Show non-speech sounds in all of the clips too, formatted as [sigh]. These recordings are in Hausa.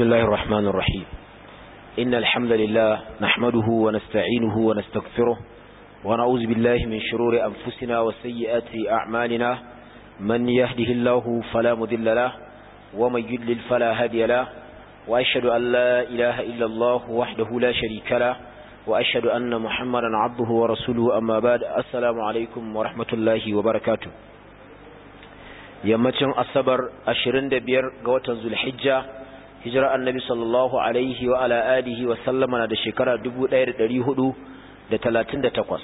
بسم الله الرحمن الرحيم إن الحمد لله نحمده ونستعينه ونستغفره ونعوذ بالله من شرور أنفسنا وسيئات أعمالنا من يهده الله فلا مذل له ومن يدلل فلا هادي له وأشهد أن لا إله إلا الله وحده لا شريك له وأشهد أن محمدا عبده ورسوله أما بعد السلام عليكم ورحمة الله وبركاته yammacin asabar 25 ga watan zulhijja hijira annabi sallallahu alaihi wa ala alihi wa sallama na da shekara 1438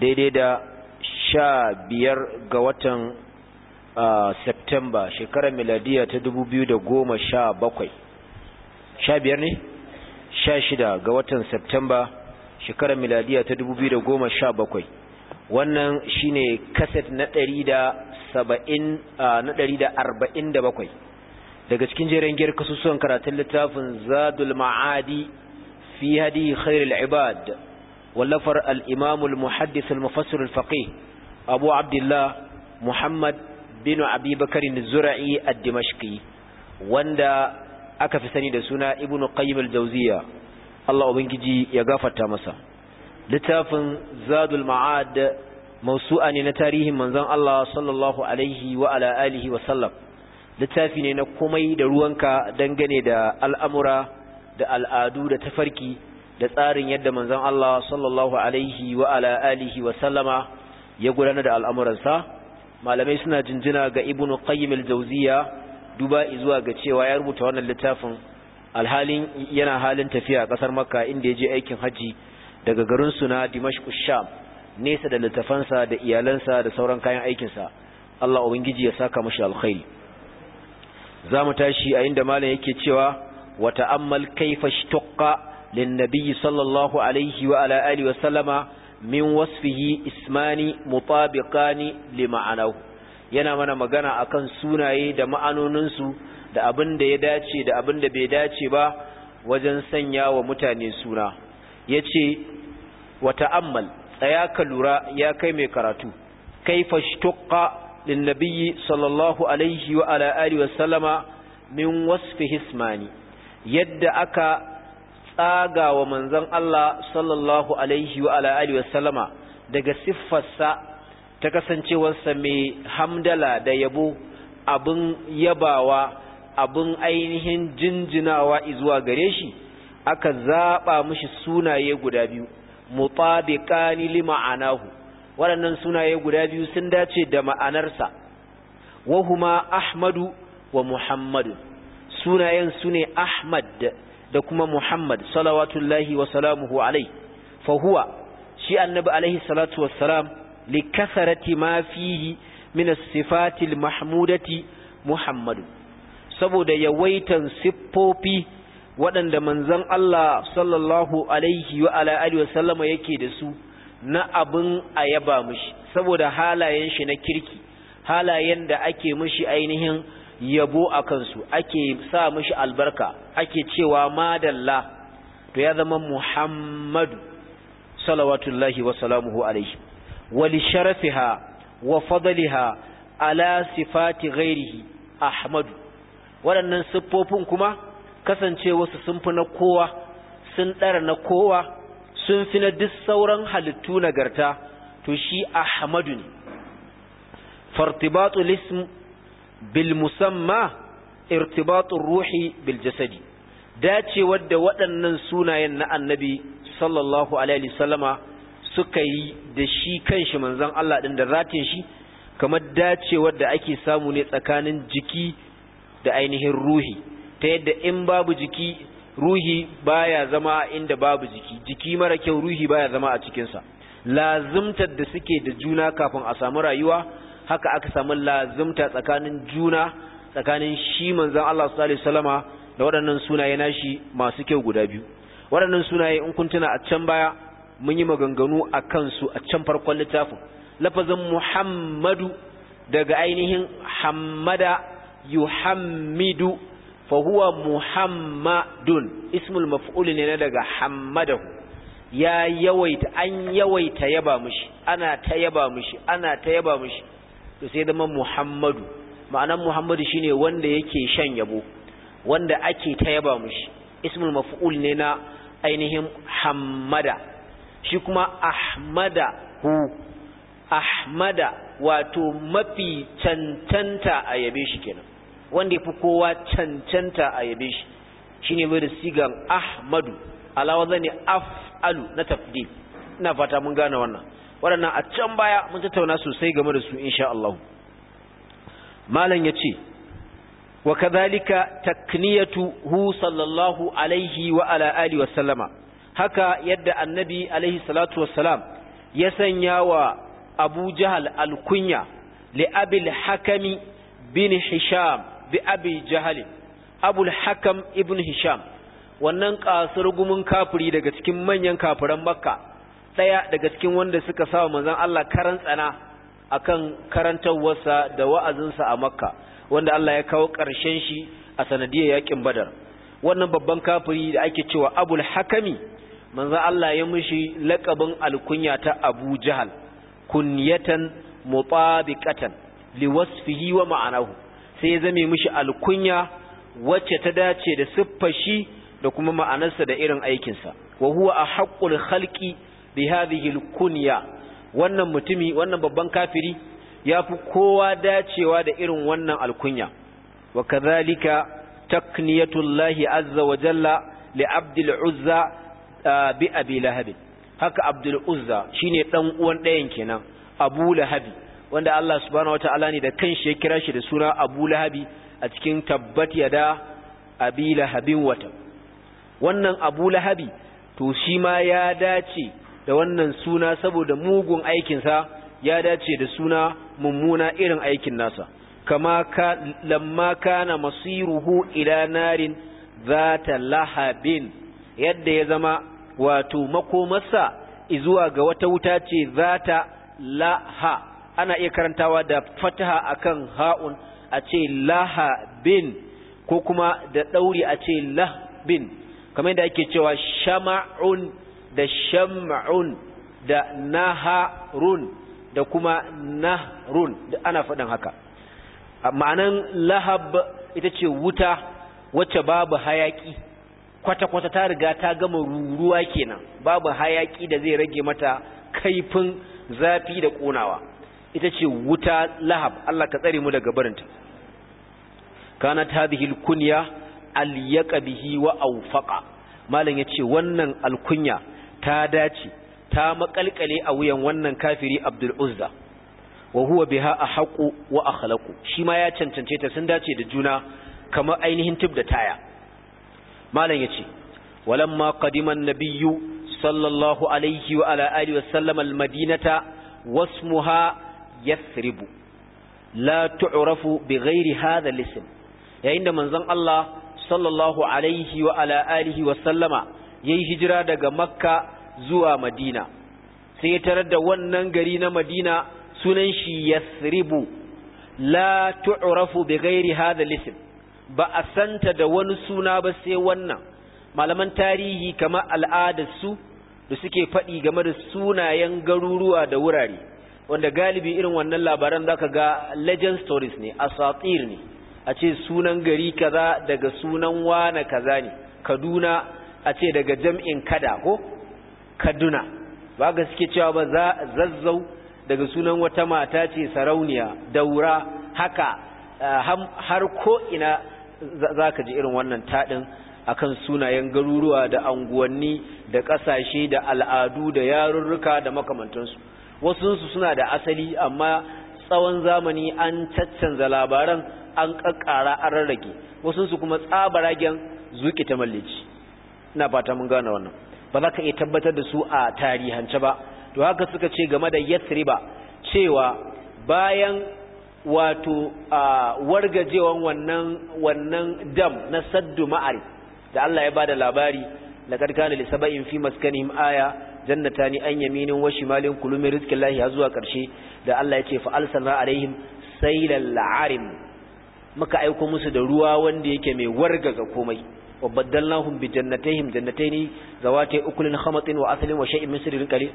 daidai da sha biyar ga watan Septemba shekarar miladiya ta 2017 sha biyar ne? sha shida ga watan Septemba shekarar miladiya ta 2017 wannan shine kaset na 147 daga cikin jerin giyar son karatun littafin zadul ma'adi fi hadi khairul ibad wallafar al-imam al-muhaddis al-mufassir al-faqih abu abdullah muhammad bin abi bakr az-zura'i ad-dimashqi wanda aka fi sani da suna ibnu qayyim al-jawziya Allah ubangiji ya gafarta masa littafin zadul ma'ad mawsu'a ne na tarihin manzon Allah sallallahu alaihi wa ala alihi wa sallam littafi ne na komai da ruwanka dangane da al'amura da al'adu da tafarki da tsarin yadda manzon Allah sallallahu alaihi wa ala alihi wa sallama ya gudanar da al'amuransa malamai suna jinjina ga ibnu qayyim al-jawziya duba zuwa ga cewa ya rubuta wannan littafin alhalin yana halin tafiya kasar makka inda ya je aikin haji daga garin suna na dimashq sham nesa da littafansa da iyalansa da sauran kayan aikinsa Allah ubangiji ya saka mashi alkhairi za mu tashi a inda malam yake cewa wa ta'ammal kaifa shtaqqa lin nabiyyi sallallahu alaihi wa ala alihi wa sallama min wasfihi ismani mutabiqani li ma'anahu yana mana magana akan sunaye da ma'anoninsu da abin da ya dace da abin da bai dace ba wajen sanya wa mutane suna yace wa ta'ammal tsaya ka lura ya kai mai karatu kaifa shtaqqa للنبي صلى الله عليه وعلى آله وسلم من وصفه اسماني يد أكا تاغا ومنزن الله صلى الله عليه وعلى آله وسلم daga siffarsa ta kasancewarsa mai hamdala da yabo abin yabawa abin ainihin jinjinawa izuwa gare shi aka zaɓa mishi sunaye guda biyu mutabiqani lima'anahu waɗannan sunaye guda biyu sun dace da ma'anarsa wahuma ahmadu wa muhammadu sunayen su ne ahmad da kuma muhammad salawatullahi wa salamuhu alai fa shi annabi alaihi salatu wassalam li kasarati ma fihi min as-sifati mahmudati muhammadu saboda yawaitan siffofi waɗanda manzon Allah sallallahu alaihi wa ala alihi wa sallama yake da su na abin a yaba mishi saboda halayen shi na kirki halayen da ake mishi ainihin yabo a kansu ake sa mishi albarka ake cewa madalla to ya zama muhammadu salawatullahi wa salamuhu alaihi li sharafiha wa fadliha ala sifati ghairihi ahmadu waɗannan siffofin kuma kasancewa su sun fi na kowa sun ɗara na kowa sun fi na duk sauran halittu nagarta to shi ahmadu ne fartibatul ism bil musamma irtibatul ruhi bil jasadi dacewar da waɗannan sunayen na annabi sallallahu alaihi sallama suka yi da shi kanshi manzon Allah din da zatin shi kamar dacewar da ake samu ne tsakanin jiki da ainihin ruhi ta yadda in babu jiki ruhi baya zama inda babu jiki jiki mara kyau ruhi baya zama a cikinsa lazimtar da suke da juna kafin a samu rayuwa haka aka samu lazimta tsakanin juna tsakanin shi manzon Allah sallallahu alaihi wasallama da waɗannan sunaye nashi masu kyau guda biyu waɗannan sunaye in kun tuna a can baya mun yi maganganu a kansu a can farkon littafin lafazin Muhammadu daga ainihin Hamada yuhammidu fa huwa muhammadun ismul maf'ul ne daga hammadahu ya yawaita an yawaita yaba mushi ana ta yaba ana ta yaba to sai zama muhammadu ma'anan muhammadu shine wanda yake shan yabo wanda ake ta yaba mishi ismul maf'ul ne na ainihin hammada shi kuma ahmada hu ahmada wato mafi cancanta a yabe shi kenan wanda ya fi kowa cancanta a yabe shi shi ne mai da sigan ahmadu alawa zane af'alu na tafdi ina fata mun gane wannan waɗannan a can baya mun tattauna sosai game da su insha Allah malam ya ce wa kadhalika hu, sallallahu alaihi wa ala wa sallama haka yadda annabi alaihi salatu wassalam ya sanya wa abu jahal alkunya li abil hakami bin hisham bi abi jahali abul hakam ibn hisham wannan kasar gumin kafiri daga cikin manyan kafiran makka daya daga cikin wanda suka sawa manzon Allah karan tsana akan karantawarsa da wa'azinsa a makka wanda Allah ya kawo ƙarshen shi a sanadiyar yakin badar wannan babban kafiri da ake cewa abul hakami manzon Allah ya mishi lakabin alkunya ta Abu Jahal kunyatan mutabiqatan liwasfihi wa ma'anahu sai ya zame mishi alkunya wacce ta dace da siffar shi da kuma ma'anarsa da irin aikinsa wa huwa ahqqul halki bi hadhihi alkunya wannan mutumi wannan babban kafiri ya fi kowa dacewa da irin wannan alkunya wa kadhalika takniyatullahi azza wa jalla li abdil uzza bi abi lahab haka abdul uzza shine dan uwan dayan kenan abu lahabi wanda Allah subhanahu wata'ala ne da kanshi ya kira shi da suna Abu Lahabi a cikin tabbat yada Abi Lahabin wata wannan Abu Lahabi to shi ma ya dace da wannan suna saboda mugun aikinsa ya dace da suna mummuna irin aikin nasa kama ka lamma kana masiruhu ila narin zata lahabin yadda ya zama wato makomarsa izuwa ga wata wuta ce zata laha ana iya karantawa da fataha akan ha'un a ce laha bin ko kuma da ɗauri a ce lah bin kamar yadda ake cewa shama'un da shama'un da naharun da kuma nahrun da ana faɗin haka ma'anan lahab ita ce wuta wacce babu hayaki kwata-kwata ta riga ta gama ruruwa kenan babu hayaki da zai rage mata kaifin zafi da ƙonawa ita ce wuta lahab Allah ka tsare mu daga barinta kanat hadhihi alkunya alyaka bihi wa awfaqa malam yace wannan alkunya ta dace ta makalkale a wuyan wannan kafiri Abdul Uzza wa huwa biha ahqu wa akhlaqu shi ma ya cancance ta sun dace da juna kamar ainihin tub da taya malam yace walamma qadima an-nabiyyu sallallahu alaihi wa ala alihi wa sallam almadinata wasmuha yathribu la tu'rafu bi ghairi hadha al-ism yayin da manzon Allah sallallahu alaihi wa ala alihi wa sallama yayi hijira daga makka zuwa madina sai ya tarar da wannan gari na madina sunan shi yathribu la tu'rafu bi ghairi hadha al-ism ba a santa da wani suna ba sai wannan malaman tarihi kamar su da suke faɗi game da sunayen garuruwa da wurare wanda galibi irin wannan labaran zaka ga legend stories ne asatir ne a ce sunan gari kaza daga sunan wane kaza ne kaduna a ce daga jam'in kada ko kaduna ba ga suke cewa ba zazzau daga sunan wata mata ce sarauniya daura haka eh, har ko ina za ka ji irin wannan taɗin akan sunayen garuruwa da anguwanni da ƙasashe da al'adu da yarurruka da makamantansu wasunsu suna da asali amma tsawon zamani an caccanza labaran an kakkara an rarrage wasunsu kuma tsabaragen zuƙi ta mallaci ina fata mun gane wannan ba za ka iya tabbatar da su a tarihance ba to haka suka ce game da yathriba cewa bayan wato a wargajewan wannan wannan dam na saddu ma'ari da Allah ya ba da labari laqad kana li fi maskanihim aya jannatani an yaminin wa shimalin kulumin rizkin lahi zuwa ƙarshe da Allah ya ce fa'alsana alaihim sailal la'arim muka aiko musu da ruwa wanda yake mai wargaga komai wa baddalnahum bi jannatayhim uku zawati ukulin khamatin wa aslin wa shay'in min sirrin qalil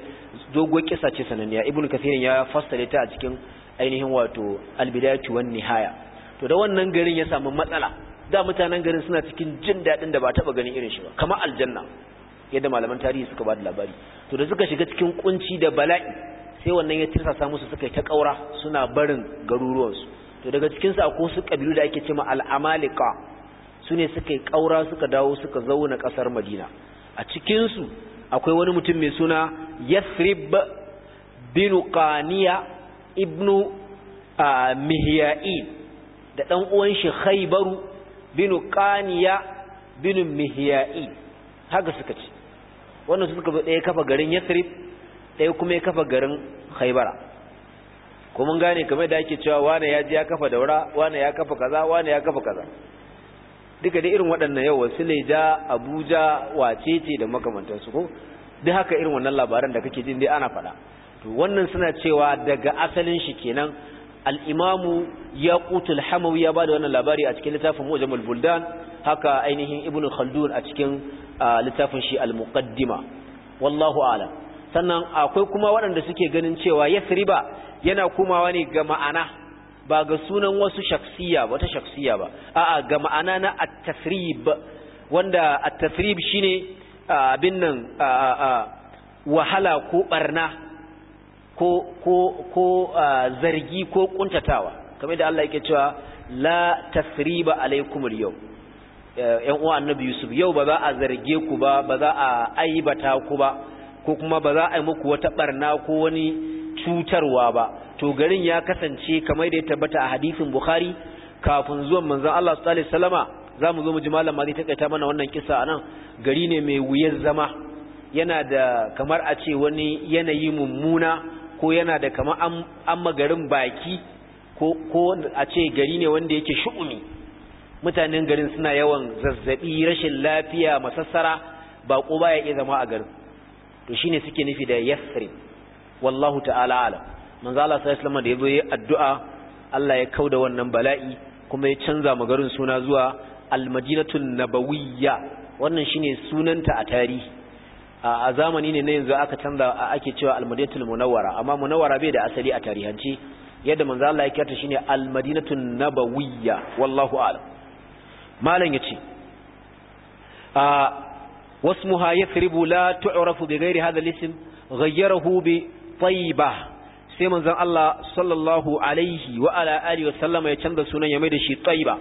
dogo kisa ce sananniya ibnu kathir ya fassale ta a cikin ainihin wato albidayatu wan nihaya to da wannan garin ya samu matsala da mutanen garin suna cikin jin dadin da ba taba ganin irin shi ba kamar aljanna yadda malaman tarihi suka ba da labari to da suka shiga cikin kunci da bala'i sai wannan ya tirsasa musu suka yi ta kaura suna barin garuruwansu to daga cikinsu akwai su ƙabilu da ake cema al'amalika su sune suka yi ƙaura suka dawo suka zauna ƙasar madina a cikinsu akwai wani mutum mai suna yasrib bin qaniya ibnu mihya'in da ɗan uwan shi Haibaru bin qaniya bin mihya'in haka suka ce wannan suka ɗaya kafa garin yathrib ɗaya kuma ya kafa garin khaybara kuma mun gane kamar da ake cewa wane ya ji ya kafa daura wane ya kafa kaza wane ya kafa kaza duka da irin waɗannan yau wasileja abuja wacece da makamantansu ko duk haka irin wannan labaran da kake jin dai ana faɗa to wannan suna cewa daga asalin shi kenan al-imamu yaqutul hamawi ya bada wannan labari a cikin littafin mujamul buldan haka ainihin ibnu khaldun a cikin littafin shi al-muqaddima wallahu a'lam sannan akwai kuma waɗanda suke ganin cewa yasriba yana komawa ne ga ma'ana ba ga sunan wasu shaksiya ba ta shaksiya ba a'a ga ma'ana na at-tasrib wanda at-tasrib shine abin nan wahala ko barna ko ko ko zargi ko kuntatawa kamar da Allah yake cewa la tasriba alaikum al-yawm yan uwa annabi yusuf yau ba za a zarge ku ba ba za a aibata ku ba ko kuma ba za a yi muku wata barna ko wani cutarwa ba to garin ya kasance kamar da ya tabbata a hadisin bukhari kafin zuwan manzo Allah sallallahu alaihi wasallama mu zo mu ji malam zai takaita mana wannan a nan. gari ne mai wuyar zama yana da kamar a ce wani yanayi mummuna ko yana da kamar an magarin baki ko a ce gari ne wanda yake shu'umi mutanen garin suna yawan zazzabi rashin lafiya masassara ba ya iya zama a garin to shine suke nufi da yasri wallahu ta'ala ala manzo Allah sallallahu alaihi da yazo yi addu'a Allah ya kauda wannan bala'i kuma ya canza mu garin suna zuwa al al-madinatul nabawiyya wannan shine sunanta a tarihi a zamani ne na yanzu aka canza ake cewa al almadinatul munawwara amma munawwara bai da asali a tarihanci yadda manzo Allah ya kiyata shine almadinatun nabawiyya wallahu a'lam malam ya ce a wasmuha yathribu la tu'rafu bi ghairi hadha al-ism bi tayyiba sai manzon Allah sallallahu alaihi wa ala alihi wa ya canza sunan ya mai da shi tayyiba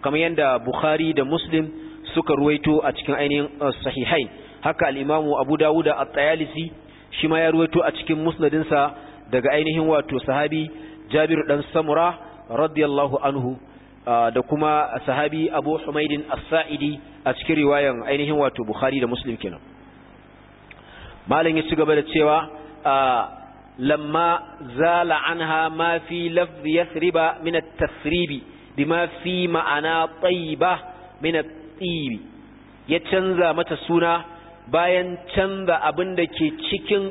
kamar yadda bukhari da muslim suka ruwaito a cikin ainihin uh, sahihain haka al-imamu abu dawuda at-tayalisi shi ma ya ruwaito a cikin musnadinsa daga ainihin wato sahabi jabir dan samura radiyallahu anhu da kuma sahabi Abu humaidin asa'idi a cikin riwayan ainihin wato Bukhari da Muslim kenan malam ya ci gaba da cewa lamma zala anha ma fi lafz yathrib min at tasribi bima fi ma'ana tayyiba min at-tib ya canza mata suna bayan canza abin da ke cikin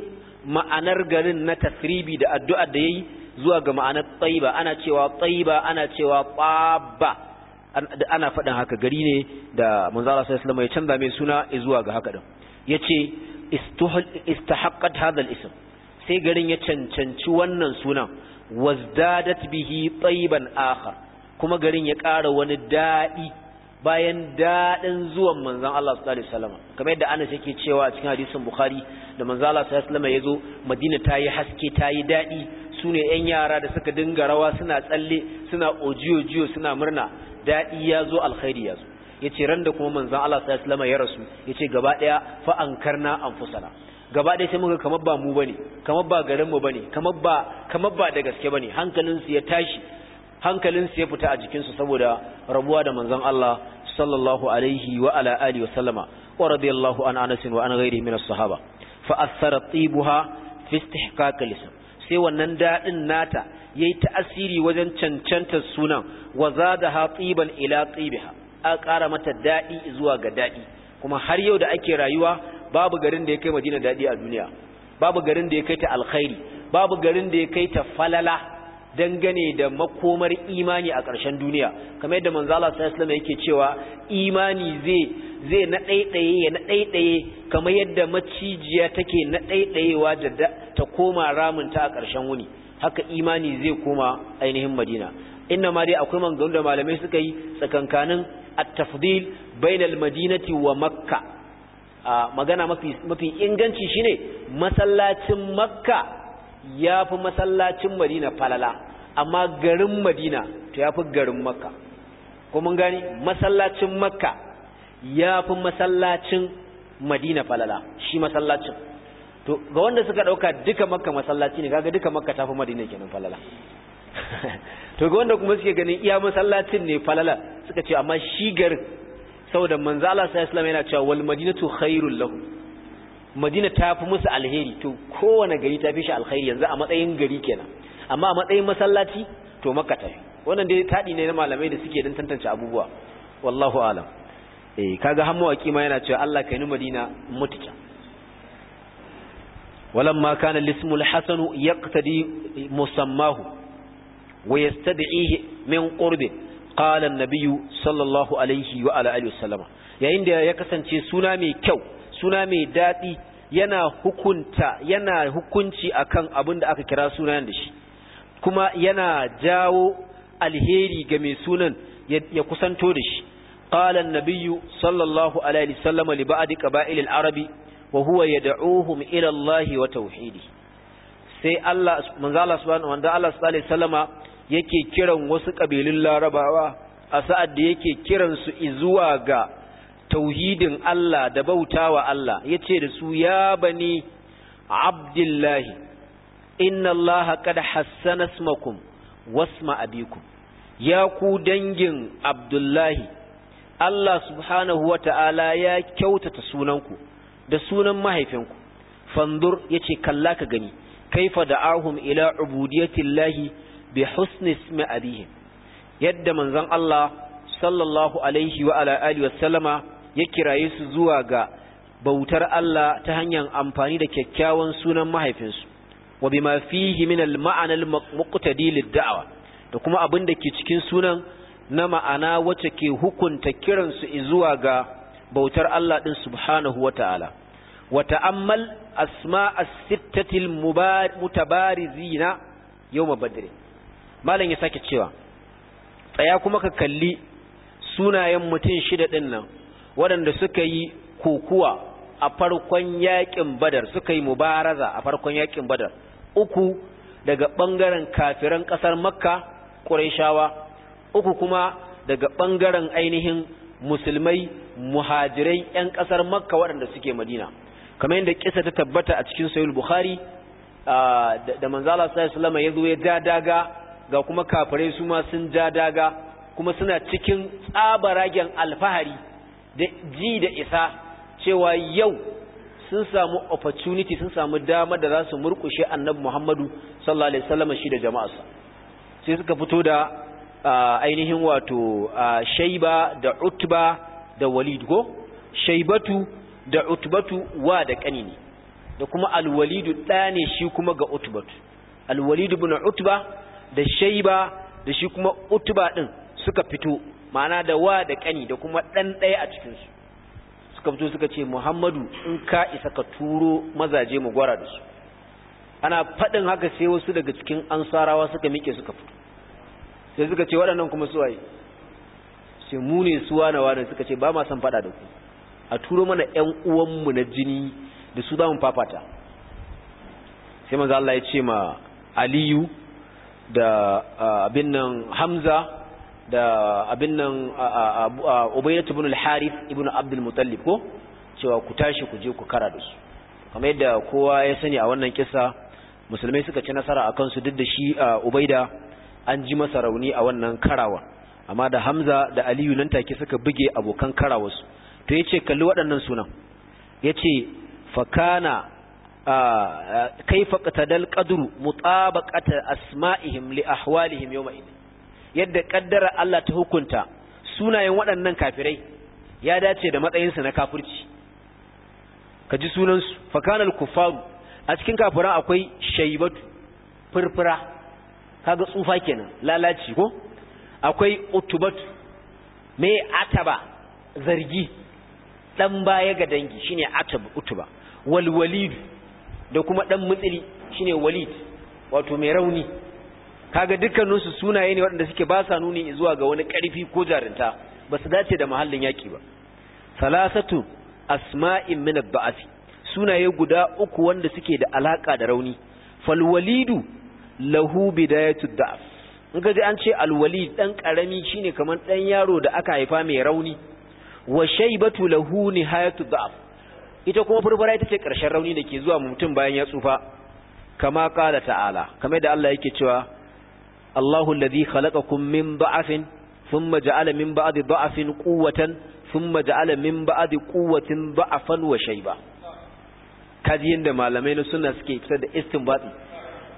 ma'anar garin na tasribi da addu'ar da yayi zuwa ga ma'anar tsayiba ana cewa tsayiba ana cewa ɓaba ana faɗin haka gari ne da manzara sai islam ya canza mai suna zuwa ga haka ɗin ya ce istahaqqat hadal ism sai garin ya cancanci wannan sunan wazdadat bihi tsayiban akhar kuma garin ya ƙara wani daɗi bayan daɗin zuwan manzan Allah sallallahu alaihi wasallam kamar yadda Anas yake cewa cikin hadisin Bukhari da manzan Allah sallallahu ya zo Madina ta yi haske ta yi daɗi su ne 'yan yara da suka dinga rawa suna tsalle suna ojiyo-jiyo suna murna daɗi ya zo alkhairi ya zo ya ce ran da kuma manzan Allah sai islama ya rasu ya ce gaba ɗaya fa'ankar na an fusana gaba ɗaya sai muka kamar ba mu ba ne kamar ba garinmu ba ne kamar ba da gaske ba ne hankalinsu ya tashi hankalinsu ya fita a jikinsu saboda rabuwa da manzan Allah sallallahu alaihi wa ala alihi wa sallama wa radiyallahu an anasin wa an ghairihi min as-sahaba fa athara tibuha fi istihqaq al-ism sai wannan daɗin nata ya yi ta'asiri wajen cancanta sunan wa za da ila tsibiha a ƙara mata daɗi zuwa ga daɗi kuma har yau da ake rayuwa babu garin da ya kai madina daɗi a duniya babu garin da ya kai ta alkhairi babu garin da ya kai ta falala dangane da makomar imani a ƙarshen duniya kamar yadda manzo Allah sallallahu alaihi yake cewa imani zai zai na ɗaiɗaye ya na ɗaiɗaye kamar yadda macijiya take na ɗaiɗayewa da ta koma ramunta a ƙarshen wuni haka imani zai koma ainihin Madina inna ma dai akwai mangaru da malamai suka yi tsakankanin at-tafdil bainal madinati wa makka magana mafi mafi inganci shine masallacin makka ya fi masallacin madina falala amma garin madina to ya fi garin makka kuma gani masallacin makka ya fi masallacin madina falala shi masallacin to ga wanda suka dauka duka makka masallaci ne kaga duka makka ta fi madina kenan falala [laughs] to ga wanda kuma suke ganin iya masallacin ne falala suka ce amma shi garin saboda manzo Allah sallallahu alaihi wasallam yana cewa wal madinatu khairul lahu madina ta fi musu alheri to kowane gari ta fi shi alheri yanzu a matsayin gari kenan amma a matsayin masallaci to makka ta fi wannan dai taɗi ne na malamai da suke don tantance abubuwa wallahu alam eh kaga har mawaki ma yana cewa Allah kai ni madina mutuka walamma kana lismul hasan yaqtadi musammahu wa yastad'ihi min qurbi qala an-nabiy sallallahu alaihi wa ala alihi wasallama yayin da ya kasance suna mai kyau suna mai daɗi yana hukunta yana hukunci akan abin da aka kira sunan da shi kuma yana jawo alheri ga mai sunan ya kusanto da shi قال النبي صلى الله عليه وسلم لبعض قبائل العرب وهو يدعوهم إلى الله وتوحيده sai Allah manzo Allah subhanahu wanda Allah sallallahu alaihi wasallama yake kiran wasu kabilun Larabawa a sa'ad da yake kiransu izuwa zuwa ga tauhidin Allah da bautawa Allah yace da su ya bani abdullahi inna Allah qad hassana ismakum wasma abikum ya ku dangin abdullahi Allah subhanahu wata'ala ya kyautata sunanku da sunan mahaifinku fandur yace kalla ka gani kaifa da'ahum ila ubudiyatillahi bi husni ismi abihim yadda manzon Allah sallallahu alaihi wa ala alihi wa sallama ya kiraye su zuwa ga bautar Allah ta hanyar amfani da kyakkyawan sunan mahaifinsu wa bima fihi min al-ma'ana al-muqtadi lid-da'wa da kuma abin da ke cikin sunan na ma'ana wacce ke hukunta kiransu zuwa ga bautar Allah din subhanahu wata'ala wa ta'ammal asma' as-sittati al-mutabarizina yawm badr malam ya sake cewa tsaya kuma ka kalli sunayen mutum shida din nan waɗanda suka yi kokuwa a farkon yaƙin badar suka yi mubaraza a farkon yaƙin badar uku daga ɓangaren kafiran ƙasar makka ƙuraishawa uku kuma daga ɓangaren ainihin musulmai muhajirai 'yan ƙasar makka waɗanda suke madina kamar yadda ƙisa ta tabbata a cikin sayul bukhari da manzala sallama ya zo ya ja daga ga kuma kafirai su ma sun ja daga kuma suna cikin tsabaragen alfahari da ji da isa cewa yau sun samu opportunity sun samu dama da za su murkushe annabi Muhammadu sallallahu alaihi wasallam shi da jama'arsa sai suka fito da ainihin wato shaiba da Utba da Walid go shaibatu da Utbatu wa da kanini da kuma alwalidu walid ne shi kuma ga Utbatu alwalidu walid Utba da shaiba da shi kuma Utba din suka fito ma'ana da wa da kani da kuma ɗan ɗaya a cikinsu suka fito suka ce muhammadu in ka isa ka turo mazaje mu gwara da su ana faɗin haka sai wasu daga cikin ansarawa suka miƙe suka fito sai suka ce waɗannan kuma su waye sai mu ne su wane wane suka ce ba ma san faɗa da ku a turo mana ƴan uwanmu na jini da su za mu fafata sai manzo Allah ya ce ma Aliyu da ah, abin nan Hamza da abin nan ubaidatu ibn al-harith ibn abdul muttalib ko cewa ku tashi ku je ku kara da su kamar yadda kowa ya sani a wannan kissa musulmai suka ci nasara akan su duk da shi ubaida an ji masa rauni a wannan karawa amma da hamza da aliyu nan take suka buge abokan karawarsu to yace kalli waɗannan sunan yace fakana kaifa qatadal qadru mutabaqata asma'ihim li ahwalihim yawma idin yadda kaddara Allah ta hukunta sunayen waɗannan kafirai ya dace da matsayinsu na kafirci ka ji sunansu fakanal kufaru a cikin kafira akwai shaibatu furfura kaga tsufa kenan lalaci ko akwai utubatu mai ataba zargi dan baya ga dangi shine ataba utuba walwalidu da kuma dan mutsili shine walid wato mai rauni kaga dukkaninsu sunaye ne waɗanda suke ba sa nuni zuwa ga wani ƙarfi ko jarinta ba su dace da mahallin yaƙi ba salasatu asma'in min ba'asi sunaye guda uku wanda suke da alaka da rauni falwalidu lahu bidayatu da'af in ka ji an ce alwalid dan karami shine kamar dan yaro da aka haifa mai rauni wa shaybatu lahu nihayatu da'af ita kuma furfura ita ce karshen rauni da ke zuwa mutum bayan ya tsufa kama kala ta'ala kamar da Allah yake cewa Allahu alladhi khalaqakum min da'afin thumma ja'ala min ba'di da'afin quwwatan thumma ja'ala min ba'di quwwatin da'afan wa shayba kaji yanda malamai na sunna suke fitar da istinbati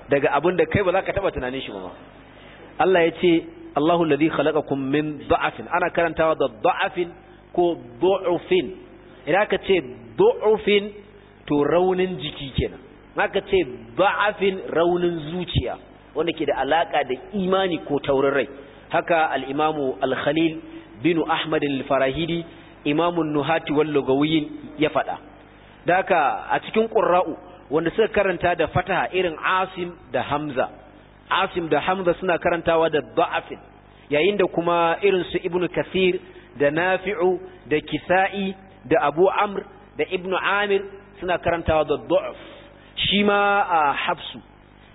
daga abin da kai ba za ka taba tunanin shi ba Allah ya ce Allahu alladhi khalaqakum min da'afin ana karantawa da da'afin ko du'ufin idan ka ce du'ufin to raunin jiki kenan aka ce da'afin raunin zuciya wanda ke da alaka da imani ko taurin rai haka al-imamu al-khalil bin ahmad al-farahidi imamun nuhati wal ya faɗa da haka a cikin ƙura'u wanda suka karanta da fataha irin asim da hamza asim da hamza suna karantawa da da'afin yayin da kuma irin su ibnu kathir da nafi'u da kisa'i da abu amr da ibnu amir suna karantawa da du'af shi ma a hafsu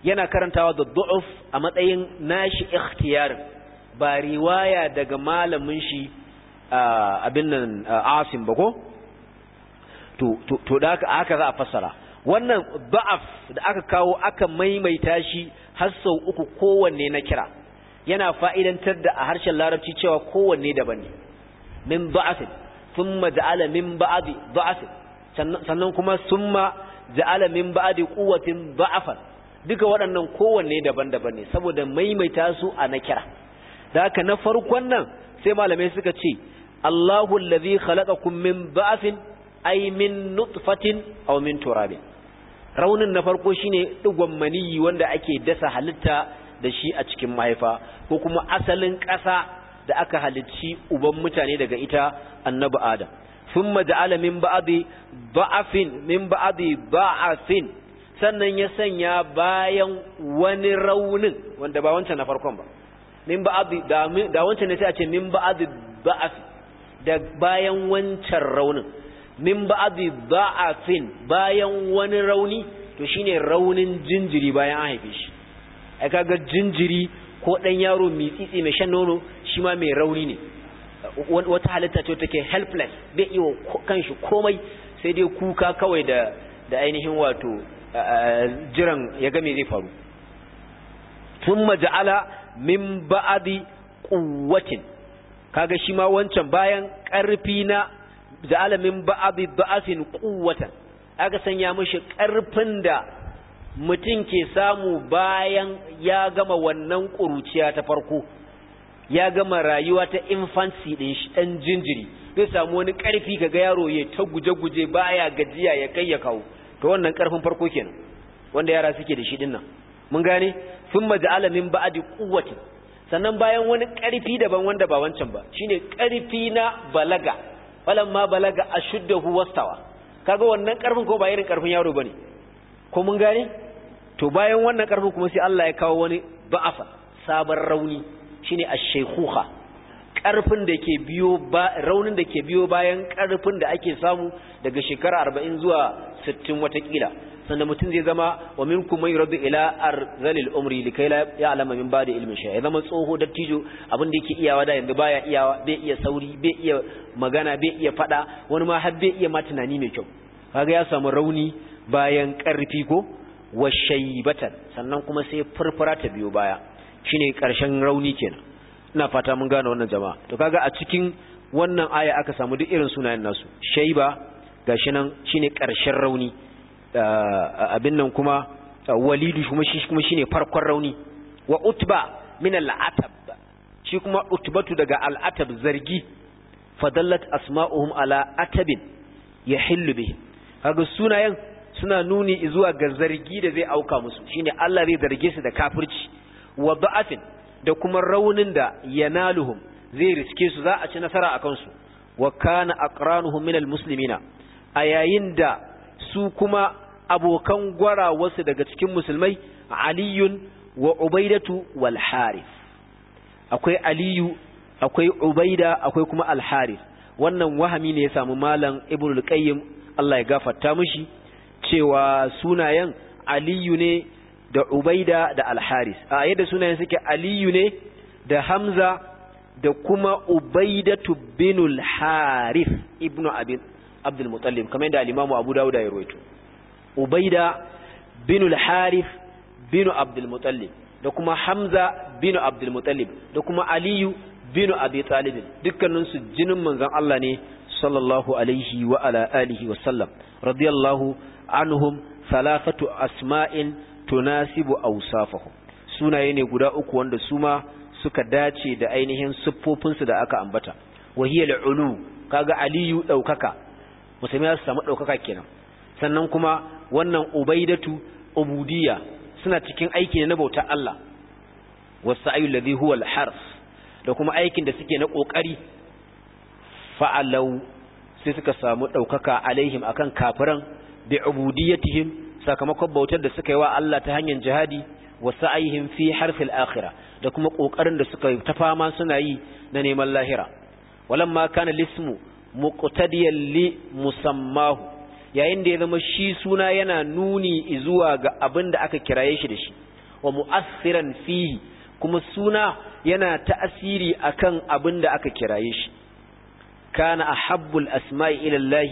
yana karantawa da du'uf a matsayin nashi ikhtiyarin ba riwaya daga malamin shi abin nan asim ba ko to da aka za a fassara wannan ba'af da aka kawo aka maimaita shi har sau uku kowanne na kira yana fa'idantar da a harshen larabci cewa kowanne daban ne min ba'afin sun ja'ala min ba'afin sannan kuma sun ja'ala min ba'adi kuwatin ba'afan duka waɗannan kowanne daban-daban ne saboda maimaita su a nakira da aka na farkon nan sai malamai suka ce Allahu allazi khalaqakum min ba'sin ay min nutfatin aw min turabin raunin na farko shine digon maniyi wanda ake dasa halitta da shi a cikin mahaifa ko kuma asalin ƙasa da aka halicci uban mutane daga ita annabi adam thumma ja'ala min ba'di ba'afin min ba'di ba'afin sannan ya sanya bayan wani raunin wanda ba wancan na farkon ba min da wancan ne sai a ce min ba'd ba'af da bayan wancan raunin min ba'd ba'afin bayan wani rauni to shine raunin jinjiri bayan an haife shi ai kaga jinjiri ko dan yaro mai tsitsi mai shan nono shi ma mai rauni ne wata halitta ce take helpless bai iya kanshi komai sai dai kuka kawai da da ainihin wato jiran ya ga me zai faru thumma ja'ala min ba'di quwwatin kaga shi ma wancan bayan karfi na ja'ala min ba'di da'afin quwwatan aka sanya mishi karfin da mutum ke samu bayan ya gama wannan ƙuruciya ta farko ya gama rayuwa ta infancy din shi dan jinjiri zai samu wani karfi kaga yaro ya ta guje-guje baya gajiya ya kai ya kawo to wannan karfin farko kenan wanda yara suke da shi nan, mun gane thumma ja'ala min ba'di quwwati sannan bayan wani karfi daban wanda ba wancan ba shine karfi na balaga falamma balaga ashuddahu wastawa kaga wannan karfin ko ba irin karfin yaro bane ko mun gane to bayan wannan karfin kuma sai Allah ya kawo wani ba'afa sabon rauni shine ash-shaykhuha ƙarfin da ke biyo ba raunin da ke biyo bayan ƙarfin da ake samu daga shekara arba'in zuwa sittin watakila sannan mutum zai zama wa kuma yi rabu ila arzalil umri kai ya alama min ba'da ilmin shay ya zama tsoho dattijo abin da yake iyawa da yanzu baya iyawa bai iya sauri bai iya magana bai iya faɗa wani ma har bai iya ma tunani mai kyau kaga ya samu rauni bayan karfi ko wa sannan kuma sai furfura ta biyo baya shine karshen rauni kenan ina fata mun gane wannan jama'a to kaga a cikin wannan aya aka samu duk irin sunayen nasu shaiba gashi nan shine karshen rauni abin nan kuma walidu kuma shi kuma shine farkon rauni wa utba min al-atab shi kuma utbatu daga al-atab zargi fadallat asma'uhum ala atabin yahillu Haga kaga sunayen suna nuni zuwa ga zargi da zai auka musu shine Allah zai zarge su da kafirci wa ba'afin. da kuma raunin da yanaluhum zai riske su za a ci nasara a kansu wa kana aqranuhum minal muslimina a yayin da su kuma abokan gwara wasu daga cikin musulmai aliyun wa ubaidatu wal harith akwai aliyu akwai ubaida akwai kuma al harith wannan wahami ne ya samu malam ibnu al-qayyim Allah ya gafarta mishi cewa sunayen aliyu ne da ubaida da alharis a yadda sunayen suke aliyu ne da hamza da kuma ubaidatu binul harif ibnu abin abdul mutallim kamar yadda al-imamu abu dawud ya rawaito ubaida binul harif binu abdul mutallim da kuma hamza binu abdul mutallim da kuma aliyu binu abi talib dukkanin su jinin manzon Allah ne sallallahu alaihi wa ala alihi wa sallam radiyallahu anhum thalathatu asma'in tunasibu awsafahum sunaye ne guda uku wanda su suka dace da ainihin siffofinsu da aka ambata wahiyal ulu kaga aliyu daukaka musulmi ya su samu daukaka kenan sannan kuma wannan ubaidatu ubudiyya suna cikin aiki na bauta Allah wasa'i alladhi huwa al-harf da kuma aikin da suke na kokari fa'alau sai suka samu daukaka alaihim akan kafiran bi ubudiyyatihim sakamakon bautar da suka yi wa Allah ta hanyar jihadi wa sa'ayhim fi harfil akhirah da kuma kokarin da suka ta fama suna yi na neman lahira ma kana lismu muqtadiyan li musammahu yayin da ya zama shi suna yana nuni zuwa ga abin da aka kiraye shi da shi wa mu'assiran fihi kuma suna yana ta'asiri akan abin da aka kiraye shi kana ahabbul asma'i ila Allah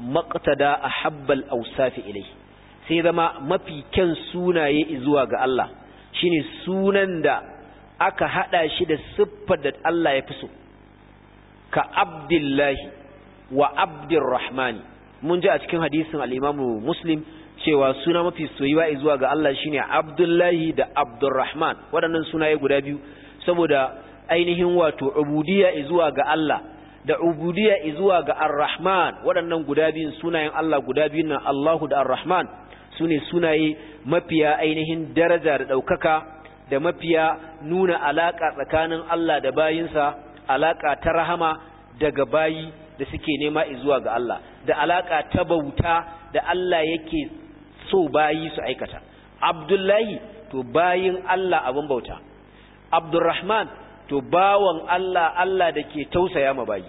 maqtada ahabbal awsafi ilayhi sai zama mafi kyan sunaye zuwa ga Allah shine sunan da aka hada shi da siffar da Allah ya fi so ka abdullahi wa abdurrahmani mun ji a cikin hadisin al-imamu muslim cewa suna mafi soyuwa zuwa ga Allah shine abdullahi da abdurrahman waɗannan sunaye guda biyu saboda ainihin wato ubudiyya zuwa ga Allah da ubudiyya zuwa ga arrahman waɗannan guda biyun sunayen Allah guda biyun nan Allahu da arrahman su ne sunaye mafiya ainihin daraja da ɗaukaka da mafiya nuna alaƙa tsakanin Allah da bayinsa alaƙa ta rahama daga bayi da suke nema zuwa ga Allah da alaƙa ta bauta da Allah yake so bayi su aikata abdullahi to bayin Allah abin bauta abdurrahman to bawan Allah Allah da ke tausaya ma bayi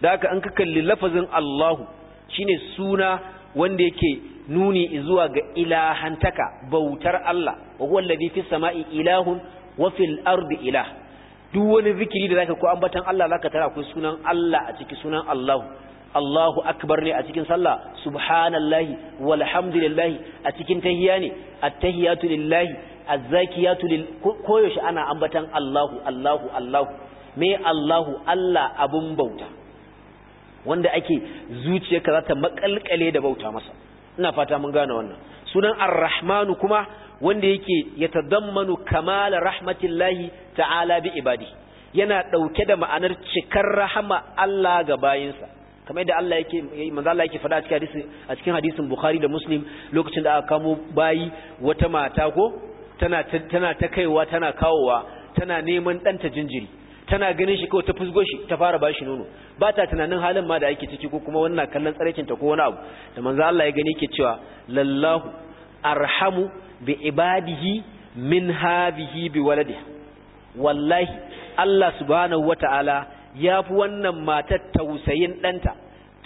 da haka an ka kalli lafazin Allahu shine suna wanda yake nuni zuwa ga ilahantaka bautar Allah wa huwa alladhi fis sama'i ilahun wa fil ardi ilah duk wani zikiri da zaka ko ambatan Allah zaka tara akwai sunan Allah a cikin sunan Allah Allahu akbar ne a cikin sallah subhanallahi walhamdulillahi a cikin tahiyya ne attahiyatu lillahi azzakiyatu lil koyaushe ana ambatan Allahu Allahu Allahu me Allahu Allah abun bauta wanda ake zuciyarka za ta makalkale da bauta masa ina fata mun gane wannan sunan ar kuma wanda yake yatadammanu kamal rahmatillahi ta'ala bi ibadi yana dauke da ma'anar cikar rahama Allah ga bayinsa kamar yadda Allah yake manzo Allah yake faɗa cikin hadisi a cikin hadisin Bukhari da Muslim lokacin da aka kamo bayi wata mata ko tana tana ta kaiwa tana kawowa tana neman ɗanta jinjiri tana ganin shi kawai ta fusgo shi ta fara bashi nono ba ta tunanin halin ma da ake ciki ko kuma wannan kallon tsarakin ta ko wani abu da manzo Allah ya gani ke cewa lallahu arhamu bi ibadihi min habihi bi waladihi wallahi Allah subhanahu wataala yafi wannan matar tausayin danta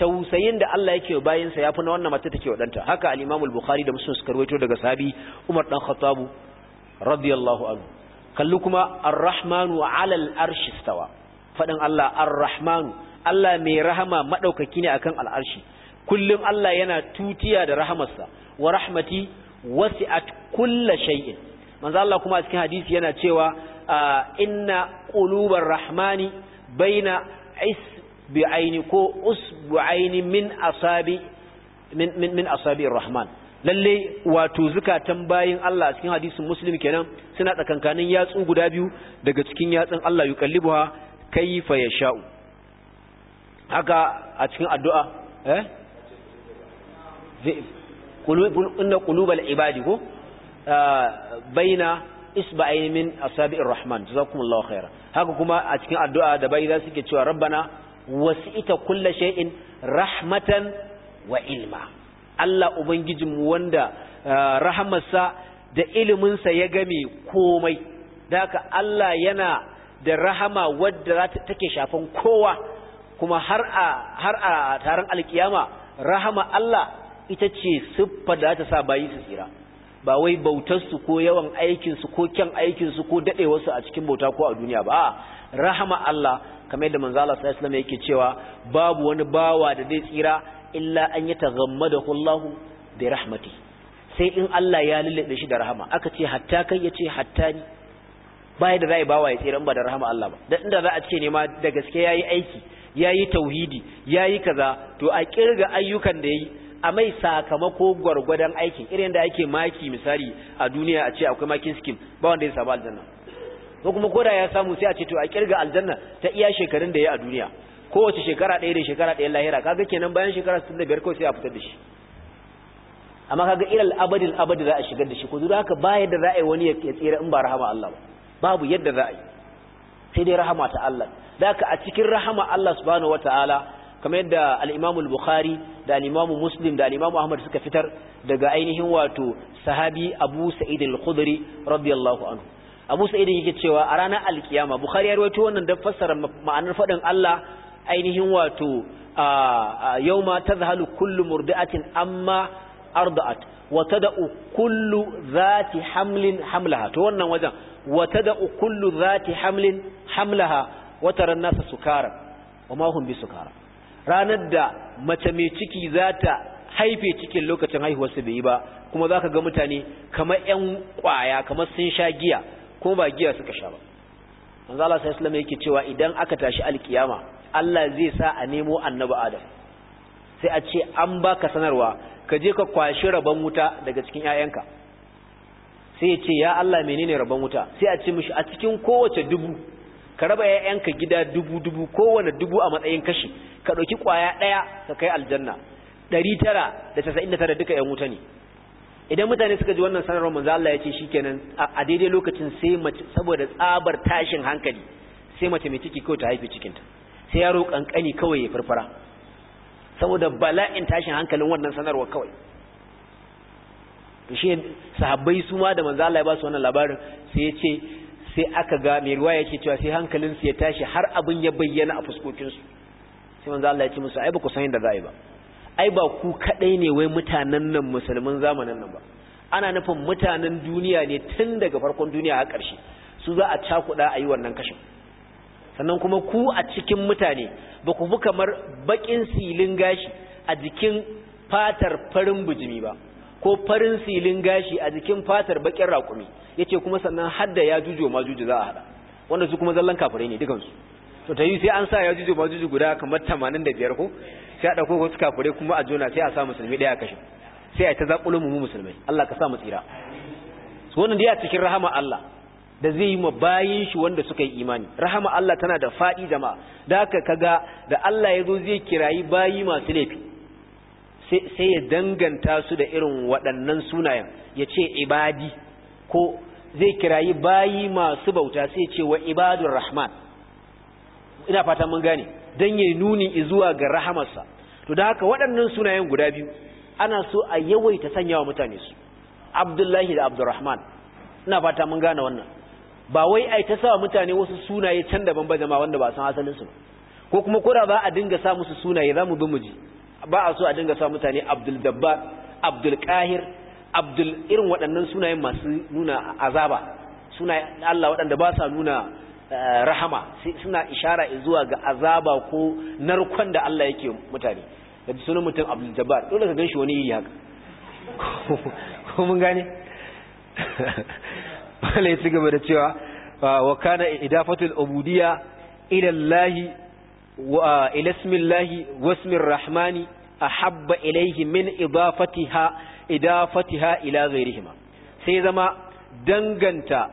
tausayin da Allah yake bayin sa yafi na wannan matar take wa danta haka al-Imam al-Bukhari da Muslim suka rawaito daga sahabi Umar dan Khattab radiyallahu anhu Kalli kuma arrahmanu rahmanu 'alal arshi stawa Faɗin Allah arrahmanu Allah mai rahama maɗaukaki ne akan al'arshi kullum Allah yana tutiya da rahamarsa wa rahmati wasi'at kulla shay'in manzo Allah kuma a cikin hadisi yana cewa inna qulubar rahmani baina isbi'aini ko usbu'aini min asabi min min asabi rahman lalle wato zukatan bayin Allah a cikin hadisin muslim kenan suna tsakankanin yatsu guda biyu daga cikin yatsun Allah kallibuha kayfa yasha'u haka a cikin addu'a eh inna qulubal ibadi ko ah, baina isba'ayn min asabi'ir rahman jazakumullahu khaira haka kuma a cikin addu'a da bai za suke cewa rabbana wasi'ita kulla shay'in rahmatan wa ilma Allah Ubangijinmu wanda eh, rahamarsa da iliminsa ya game komai, da haka Allah yana da rahama wadda take shafan kowa kuma har a taron alkiyama rahama Allah ita ce siffa da ta sa bayi su tsira ba wai bautarsu ko yawan aikinsu ko kyan aikinsu ko daɗewarsu a cikin bauta ko a duniya ba rahama Allah kamar yadda Manzala Allah yake cewa babu wani bawa da zai tsira illa an yi da Allahu bi rahmati sai in Allah ya lullube shi da rahama aka ce hatta kai yace hatta ni baya da zai bawa ya tsira ba da rahama Allah ba da inda za a ce ne ma da gaske ya yi aiki yayi tauhidi yayi kaza to a kirga ayyukan da yayi a mai sakamako gwargwadon aikin irin da ake maki misali a duniya a ce akwai makin skin ba wanda ya samu aljanna ko kuma koda ya samu sai a ce to a kirga aljanna ta iya shekarun da ya a duniya kowace shekara ɗaya da shekara ɗaya lahira kaga kenan bayan shekara 65 kawai sai a fitar da shi amma kaga ilal abadin abadi za a shigar da shi ko duk haka baya da ra'ayi wani ya tsira in ba rahama Allah ba babu yadda ra'ayi, sai dai rahama ta Allah da haka a cikin rahama Allah subhanahu wataala kamar yadda al-Imam al-Bukhari da al-Imam Muslim da al-Imam Ahmad suka fitar daga ainihin wato sahabi Abu Sa'id al-Khudri radiyallahu anhu Abu Sa'id yake cewa a ranar al-Qiyama Bukhari ya rawaito wannan da fassara ma'anar fadin Allah ainihin wato yauma zahalu kullu murdi'atin amma arda'at wa tad'u kullu zati hamlin hamlaha to wannan wajen wa tad'u kullu zati hamlin hamlaha wata taran sukara wa ma hum bisukara ranar da mace mai ciki zata haife cikin lokacin haihuwarsa bai yi ba kuma zaka ga mutane kamar ƴan kwaya kamar sun sha giya kuma ba giya suka sha ba manzo Allah sallallahu yake cewa idan aka tashi alkiyama Allah zai sa a nemo annabi Adam sai a ce an baka sanarwa ka je ka kwashi rabon wuta daga cikin 'ya'yanka sai ya ce ya Allah menene rabon wuta sai a ce mishi a cikin kowace dubu ka raba 'ya'yanka gida dubu dubu kowane dubu a matsayin kashi ka ɗauki kwaya ɗaya ka kai aljanna ɗari tara da duka 'yan wuta ne idan mutane suka ji wannan sanarwar manzo Allah ya ce shikenan a daidai lokacin sai mace saboda tsabar tashin hankali sai mace mai ciki ko ta haifi cikinta sai yaro kankani kawai ya farfara saboda bala'in tashin hankalin wannan sanarwa kawai shi sahabbai su ma da manzo Allah ya ba su wannan labarin sai ya ce sai aka ga mai ya ce cewa sai hankalin su ya tashi har abin ya bayyana a fuskokinsu su sai manzo Allah ya ce musu ai ba ku san yadda za'i ba ai ba ku kadai ne wai mutanen nan musulmin zamanin nan ba ana nufin mutanen duniya ne tun daga farkon duniya a karshe su za a cakuɗa a yi wannan kashin sannan kuma ku a cikin mutane ba ku fi kamar bakin silin gashi a jikin fatar farin bujimi ba ko farin silin gashi a jikin fatar bakin raƙumi ce kuma sannan hadda ya jujo ma juju za a hada wanda su kuma zallan kafirai ne dukansu to ta yi sai an sa ya juju ma juju guda kamar 85 ko sai a dauko wasu kafirai kuma a jona sai a sa musulmi daya kashe sai a ta zakulo mu musulmai Allah ka sa mu tsira so wannan dai a cikin rahama Allah da zai yi ma bayin shi wanda suka yi imani rahama Allah tana da faɗi jama'a da haka kaga da Allah ya zo zai kirayi bayi masu laifi sai ya danganta su da irin waɗannan sunayen ya ce ibadi ko zai kirayi bayi masu bauta sai ce wa ibadur rahman ina fata mun gane dan yayi nuni zuwa ga rahamarsa to da haka waɗannan sunayen guda biyu ana so a yawaita sanyawa mutane su abdullahi da abdurrahman ina fata mun gane wannan ba wai ai ta sa mutane wasu sunaye can daban ba jama'a wanda ba san asalin su ko kuma kura za a dinga sa musu sunaye za mu bi mu ji ba a so a dinga sa mutane Abdul Dabbar Abdul Qahir Abdul irin waɗannan sunayen masu nuna azaba sunaye Allah waɗanda ba sa nuna eh, rahama suna ishara zuwa ga azaba ko narkon da Allah yake mutane da sunan mutum Abdul Jabbar dole ka ganshi wani yi haka [laughs] ko mun gane [laughs] bala ya ci gaba da cewa ah, wa kana idafatul ubudiyya ila Allah wa ah, ila ismillahi wasmir rahmani ahabba ilayhi min idafatiha idafatiha ila ghayrihima sai zama danganta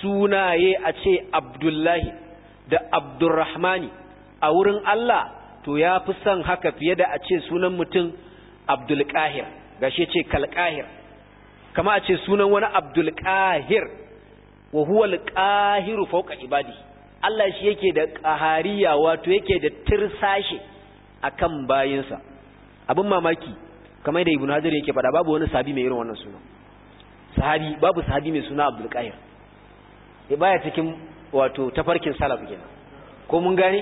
sunaye a ce abdullahi da abdurrahmani a wurin Allah to yafi fi son haka fiye da a ce sunan mutum abdulkahir gashi ce kalkahir kama a ce sunan wani abdulkahir wa huwa alqahiru fawqa ibadi Allah shi yake da qahariya wato yake da tirsashe akan bayinsa abin mamaki kamar da ibnu hajar yake faɗa babu wani sahabi mai irin wannan suna sahabi babu sahabi mai suna abdul qahir ya baya cikin wato tafarkin salaf kenan ko mun gane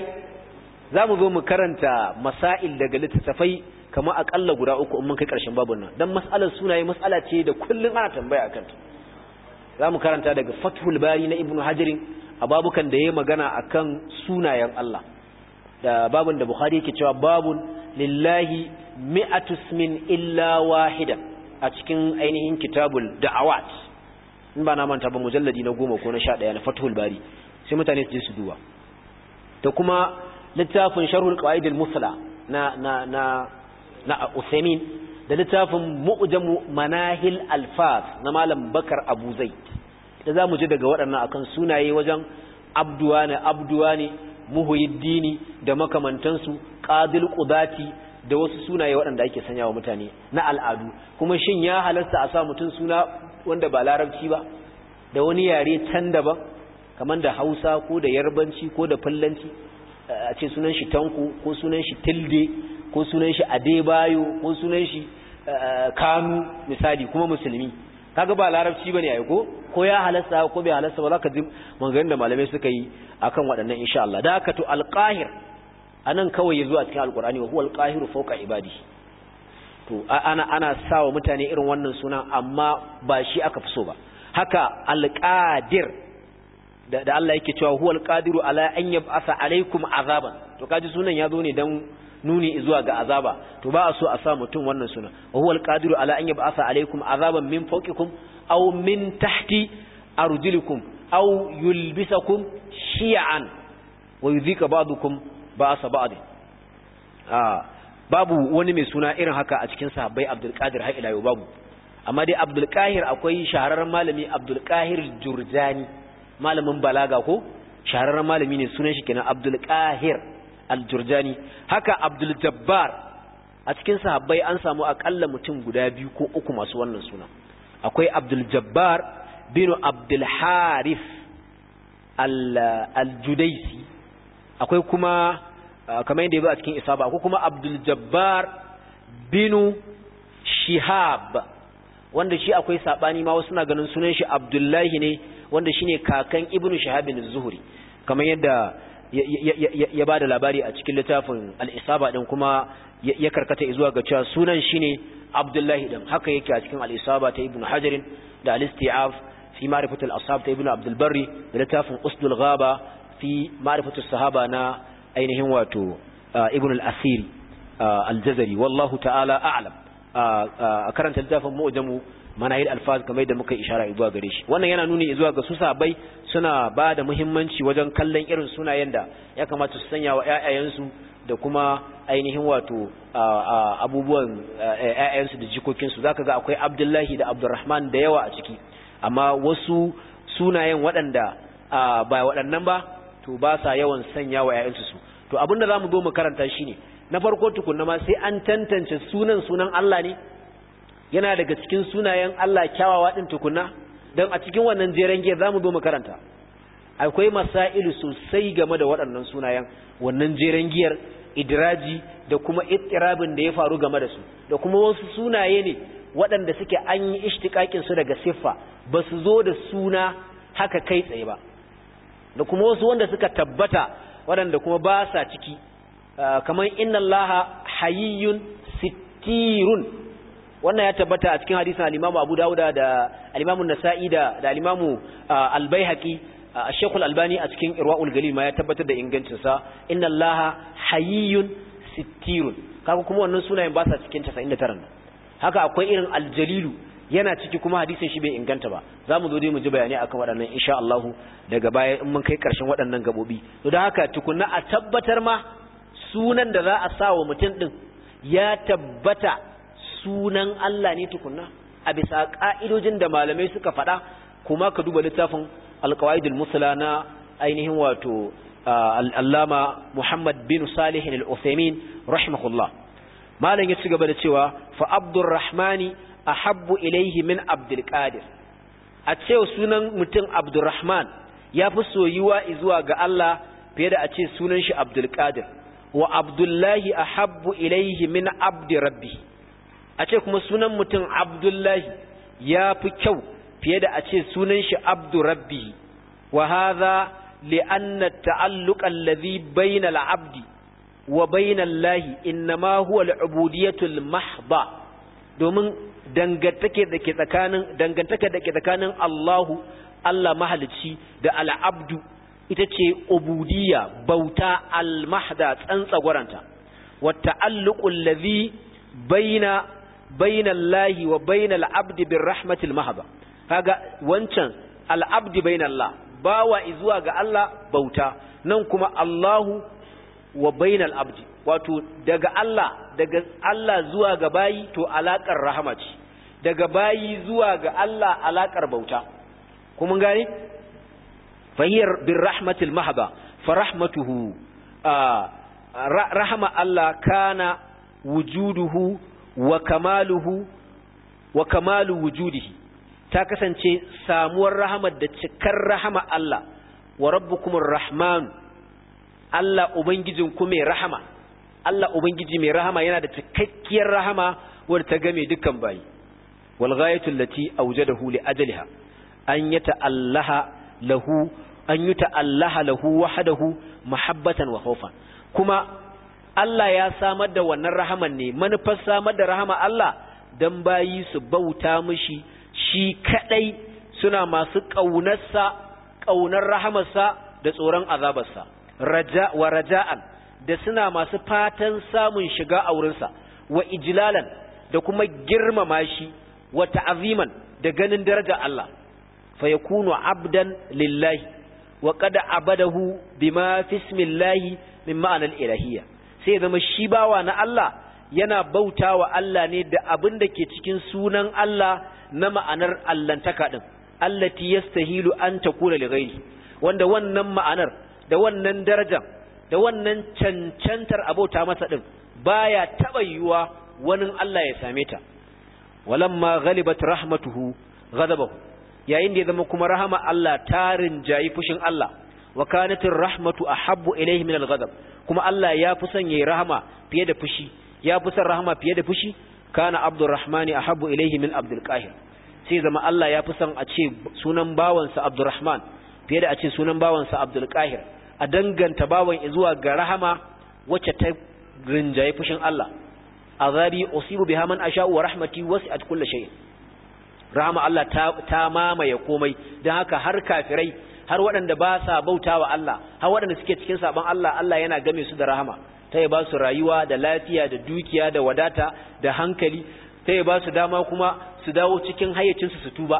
zamu zo mu karanta masail daga littattafai kamar akalla guda uku in mun kai karshen babun nan dan mas'alar sunaye mas'ala ce da kullun ana tambaya akan ta za mu karanta daga fathul bari na ibnu hajarin a babukan da ya magana a kan sunayen Allah da babun da Buhari yake cewa babun lillahi mi'atu ismin illa wahida a cikin ainihin kitabul da'awat in ba na manta ba mujalladi na goma ko na sha ɗaya na fathul bari sai mutane su je su duba da kuma littafin sharhul qawaid musla na na na na usaimin da littafin mu'jamu manahil alfaz na malam bakar abu zaid da za mu ji daga waɗannan akan sunaye wajen abduwa ne abduwa ne muhuyiddini da makamantansu ƙadil ƙudati da wasu sunaye waɗanda ake sanya wa mutane na al'adu kuma shin ya halasta a sa mutum suna wanda ba larabci ba da wani yare can daban kamar da hausa ko da yarbanci ko da fallanci eh, a ce sunan shi tanko ko sunan shi tilde ko sunan shi adebayo ko sunan shi eh, kanu misali kuma musulmi kaga ba larabci bane ai ko ko ya halasta ko bai halasta ba zaka ji maganganun da malamai suka yi akan waɗannan insha Allah da haka to alqahir anan kawai yazo a cikin alqur'ani wa huwal qahiru fawqa ibadi to ana ana sawa mutane irin wannan sunan amma ba shi aka fi so ba haka alqadir da, da Allah yake cewa huwal qadiru ala an yab'atha alaikum azaban to kaji sunan yazo ne dan nuni zuwa ga azaba to ba a so a sa mutum wannan suna wa huwal qadiru ala an yab'atha alaykum azaban min fawqikum aw min tahti arjulikum aw yulbisakum shi'an wa yudhika ba'dukum ba'sa ba'd ah babu wani mai suna irin haka a cikin sahabbai Abdul Qadir har ila yau babu amma dai Abdul Qahir akwai shahararren malami Abdul Qahir Jurjani malamin balaga ko shahararren malami ne sunan shi kenan Abdul Qahir al-jurjani haka abdul jabbar a cikin sahabbai an samu akalla mutum guda biyu ko uku masu wannan suna akwai abdul jabbar bin abdul harif al-judaisi akwai kuma ah, kamar yadda ya a cikin isaba akwai kuma abdul jabbar bin shihab wanda shi akwai sabani ma wasu na ganin sunan shi abdullahi ne wanda shine kakan Ibn Shihab bin Zuhri kamar yadda ya ba da labari a cikin littafin al'isaba ɗin kuma ya karkata zuwa ga cewa sunan shi ne abdullahi ɗin haka yake a cikin al'isaba ta ibn hajarin da al'istiaf fi marifatul asab ta ibn abdulbari da littafin usdul gaba fi marifatul sahaba na ainihin wato ibn al'asiri aljazari wallahu ta'ala a'alam a karanta littafin mu'jamu Mana yi alfaz kamar da muka ishara zuwa gare shi wannan yana nuni zuwa ga su sabai suna ba da muhimmanci wajen kallon irin sunayen da ya kamata su sanya wa ƴaƴayensu da kuma ainihin wato abubuwan ƴaƴayensu da jikokinsu zaka ga akwai Abdullahi da Abdurrahman da yawa a ciki amma wasu sunayen waɗanda ba waɗannan ba to ba sa yawan sanya wa ƴaƴansu su to abin da zamu zo mu karanta shine na farko tukunna ma sai an tantance sunan sunan Allah ne yana daga cikin sunayen Allah kyawawa ɗin tukunna don a cikin wannan jeren giyar za mu zo makaranta akwai masailu sosai game da waɗannan sunayen wannan jeren giyar idiraji da kuma ittirabin da ya faru game da su da kuma wasu sunaye ne waɗanda suke an yi ishtiƙaƙin su daga siffa ba su zo da suna haka kai tsaye ba da kuma wasu wanda suka tabbata waɗanda kuma ba sa ciki ah, kamar inna laha hayyun sitirun. wannan ya tabbata a cikin hadisin al-Imam Abu Dawud da al-Imam An-Nasa'i da al-Imam uh, Al-Baihaqi uh, Sheikh Al-Albani a cikin Irwaul Galil ma ya tabbatar da ingancin sa inna Allaha hayyun sittirun kaga kuma wannan sunayen ba sa cikin 99 haka akwai irin al-Jalilu yana ciki kuma hadisin shi bai inganta ba za mu zo dai mu ji bayani akan waɗannan insha Allah daga baya in mun kai ƙarshen waɗannan gabobi to da haka tukunna a tabbatar ma sunan da za a sa wa mutum din ya tabbata sunan Allah ne tukunna a bisa ka'idojin da malamai suka faɗa kuma ka duba littafin alqawaidul musla ainihin wato ah, allama Muhammad bin Salih al-Uthaymeen rahimahullah malam ya ci gaba da cewa fa Abdurrahmani ahabbu ilayhi min Abdul Qadir a ce sunan mutum Abdurrahman ya fi soyuwa zuwa ga Allah fiye da a ce sunan shi Abdul Qadir wa Abdullahi ahabbu Ilaihi min Abdi a ce kuma sunan mutum abdullahi ya fi kyau fiye da a ce sunan shi abdurabbi wa haza li ta'alluƙan ta'alluqa alladhi bayna abdi wa bayna allahi innama huwa al-ubudiyatu domin dangantake da ke tsakanin Allahu Allah mahalici da al'abdu. ita ce ubudiyya bauta al-mahdha tsantsagwaranta wa ta'alluƙun lazi baina. bainallahi wa bainal abdi bir rahmatil mahaba Haga wancan al abdi bainallah bawa izuwa ga Allah bauta nan kuma Allahu wa bainal al'abdi. wato daga Allah daga Allah zuwa ga bayi to alaƙar rahama daga bayi zuwa ga Allah alaƙar bauta kuma gane fahiyar bir rahmatil mahaba fa rahmatuhu ah, rahama Allah kana wujuduhu wa kamalu wujudihi ta kasance samuwar rahamar da cikar rahama Allah wa rabbukumur Rahmanu. Allah ubangijin ku mai rahama Allah ubangiji mai rahama yana da cikakkiyar rahama wadda ta game dukkan bayi wal ghayatu allati awjadahu li ajliha an yata'allaha lahu an yuta'allaha lahu wahdahu mahabbatan wa khawfan kuma Allah ya samar da wannan rahaman ne manufar samar da rahama Allah dan bayi su bauta mishi shi kadai suna masu ƙaunarsa ƙaunar rahamarsa da tsoron azabarsa raja wa raja'an da suna masu fatan samun shiga a wurinsa wa ijlalan da kuma girmama shi wa ta'aziman da ganin daraja Allah fa yakunu abdan lillahi wa qad abadahu bima fi min ma'anar ilahiyya sai zama shi bawa na Allah yana bauta wa Allah ne da abin da ke cikin sunan Allah na ma'anar allantaka ɗin allati yastahilu an takuna li ghairi wanda wannan ma'anar da wannan daraja da wannan cancantar abota masa din baya taba yiwa wani Allah ya same ta walamma ghalibat rahmatuhu ghadabahu yayin da ya zama kuma rahama Allah tarin jayi fushin Allah wa kanatir rahmatu ahabbu ilayhi min al-ghadab kuma Allah ya fi son yayi rahama fiye da fushi ya fi son rahama fiye da fushi kana abdurrahmani ahabbu ilayhi min Abdulqahir? sai zama Allah ya fi son a ce sunan bawansa abdurrahman fiye da a ce sunan bawansa abdul a danganta bawan zuwa ga rahama wacce ta rinjaye fushin Allah azabi usibu biha man asha wa rahmati wasi'at kulli shay rahama Allah ta, ta mamaye komai dan haka har kafirai har waɗanda ba sa bauta wa Allah har waɗanda suke cikin saban Allah Allah yana game su da rahama ta ya ba su rayuwa da lafiya da dukiya da wadata da hankali ta ba su dama kuma su dawo cikin hayyacinsu su tuba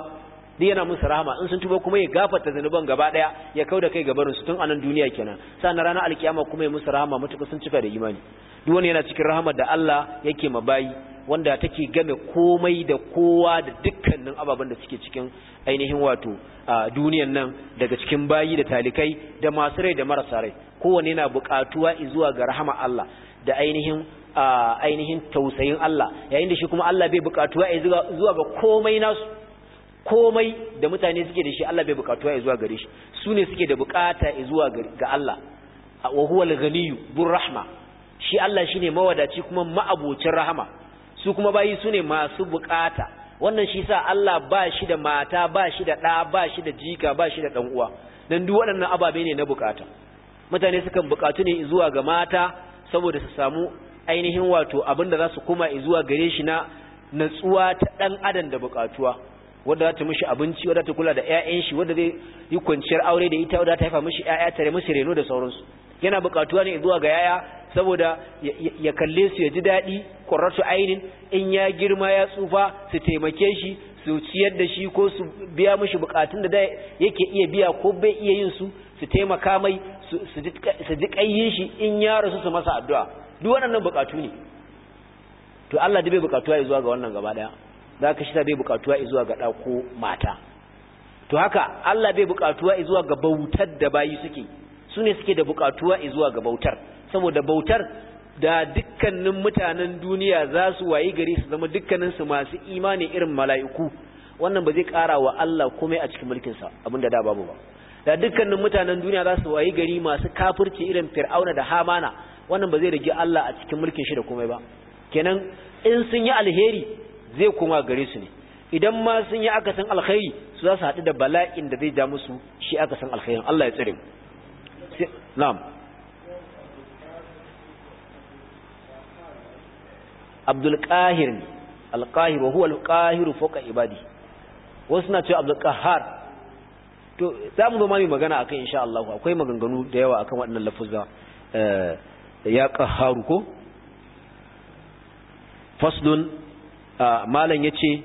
duk yana musu rahama in sun tuba kuma ya gafarta zanuban gaba daya ya kauda kai gabarin su tun anan duniya kenan sannan ranar alkiyama kuma ya musu rahama mutuka sun cika da imani duk wani yana cikin rahama da Allah yake mabayi wanda take game komai da kowa da dukkanin ababen da suke cikin ainihin wato duniyan nan daga cikin bayi da talikai da masu rai da marasa rai kowanne yana buƙatuwa zuwa ga rahama Allah da ainihin ainihin tausayin Allah yayin da shi kuma Allah bai buƙatuwa zuwa ga komai nasu komai da mutane suke da shi Allah bai buƙatuwa zuwa gare shi su ne suke da buƙata zuwa ga Allah wa al ghaniyyu rahma shi Allah shine mawadaci kuma ma'abocin rahama su kuma bayi su ne masu bukata wannan shi sa Allah ba shi da mata ba shi da ɗa ba shi da jika ba shi da ɗan uwa don duk waɗannan ababe ne na bukata mutane sukan bukatu ne zuwa ga mata saboda su samu ainihin wato abin da za su kuma zuwa gare shi na natsuwa ta ɗan adam da bukatuwa wadda za ta mishi abinci wadda ta kula da 'ya'yan shi wadda zai yi kwanciyar aure da ita wadda ta haifa mishi 'ya'ya tare mishi reno da sauransu yana bukatuwa ne zuwa ga 'ya'ya saboda ya kalle su ya ji daɗi ƙwararsu ainihin in ya girma ya tsufa su taimake shi su ciyar da shi ko su biya mashi bukatun da yake iya biya ko bai iya yin su su taimaka mai su ji ƙayyin shi in ya rasu su masa addu'a duk waɗannan bukatu ne to Allah da bai bukatuwa ya zuwa ga wannan gaba ɗaya za ka shi ta bai bukatuwa ya zuwa ga ɗa ko mata to haka Allah bai bukatuwa ya zuwa ga bautar da bayi suke su ne suke da bukatuwa ya zuwa ga bautar saboda bautar da dukkanin mutanen duniya za su wayi gari su zama dukkaninsu masu imani irin mala'iku wannan ba zai ƙara wa Allah komai a cikin mulkinsa abinda da babu ba da dukkanin mutanen duniya za su wayi gari masu kafirci irin fir'auna da hamana wannan ba zai rage Allah a cikin mulkin shi da komai ba kenan in sun yi alheri zai koma gare su ne idan ma sun yi akasin alkhairi su za su haɗu da bala'in da zai ja musu shi akasin alkhairin Allah ya tsare mu na'am abdul qahir ne al qahir wa huwa ibadi wasu na cewa abdul to za mu zo ma magana akan insha Allah akwai maganganu da yawa akan waɗannan lafuzza eh, ya qaharu ko faslun malan yace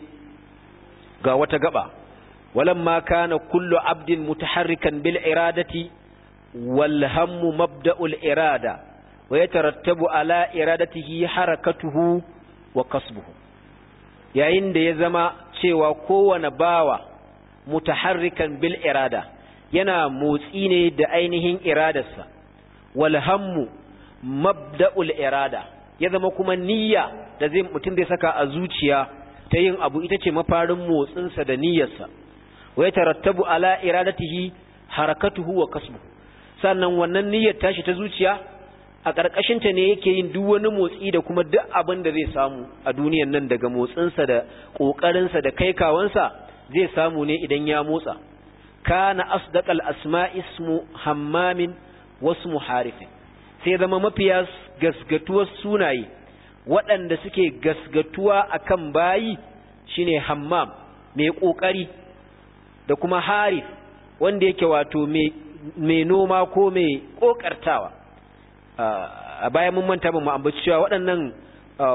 ga wata gaba walamma kana kullu abdin mutaharrikan bil iradati wal hammu mabda'ul irada wa yatarattabu ala iradatihi harakatuhu wa kasbuhu yayin da ya zama cewa kowane bawa mutaharrikan bil irada yana motsi ne da ainihin iradarsa wal hammu mabda'ul irada ya zama kuma niyya da zai mutum zai saka a zuciya ta yin abu ita ce mafarin motsinsa da niyyarsa wa ya tarattabu ala iradatihi harakatuhu wa kasbu sannan wannan niyyar tashi ta zuciya a ƙarƙashinta ne yake yin duk wani motsi da kuma duk abin da zai samu a duniyan nan daga motsinsa da ƙoƙarinsa da kai kawansa zai samu ne idan ya motsa kana asdaqal asma ismu hammamin wasu muharifin? sai zama mafiya gasgatuwar sunaye waɗanda suke gasgatuwa a kan bayi shine hammam mai ƙoƙari da kuma harif wanda yake wato mai noma ko mai ƙoƙartawa a bayan mun manta mu ambaci cewa waɗannan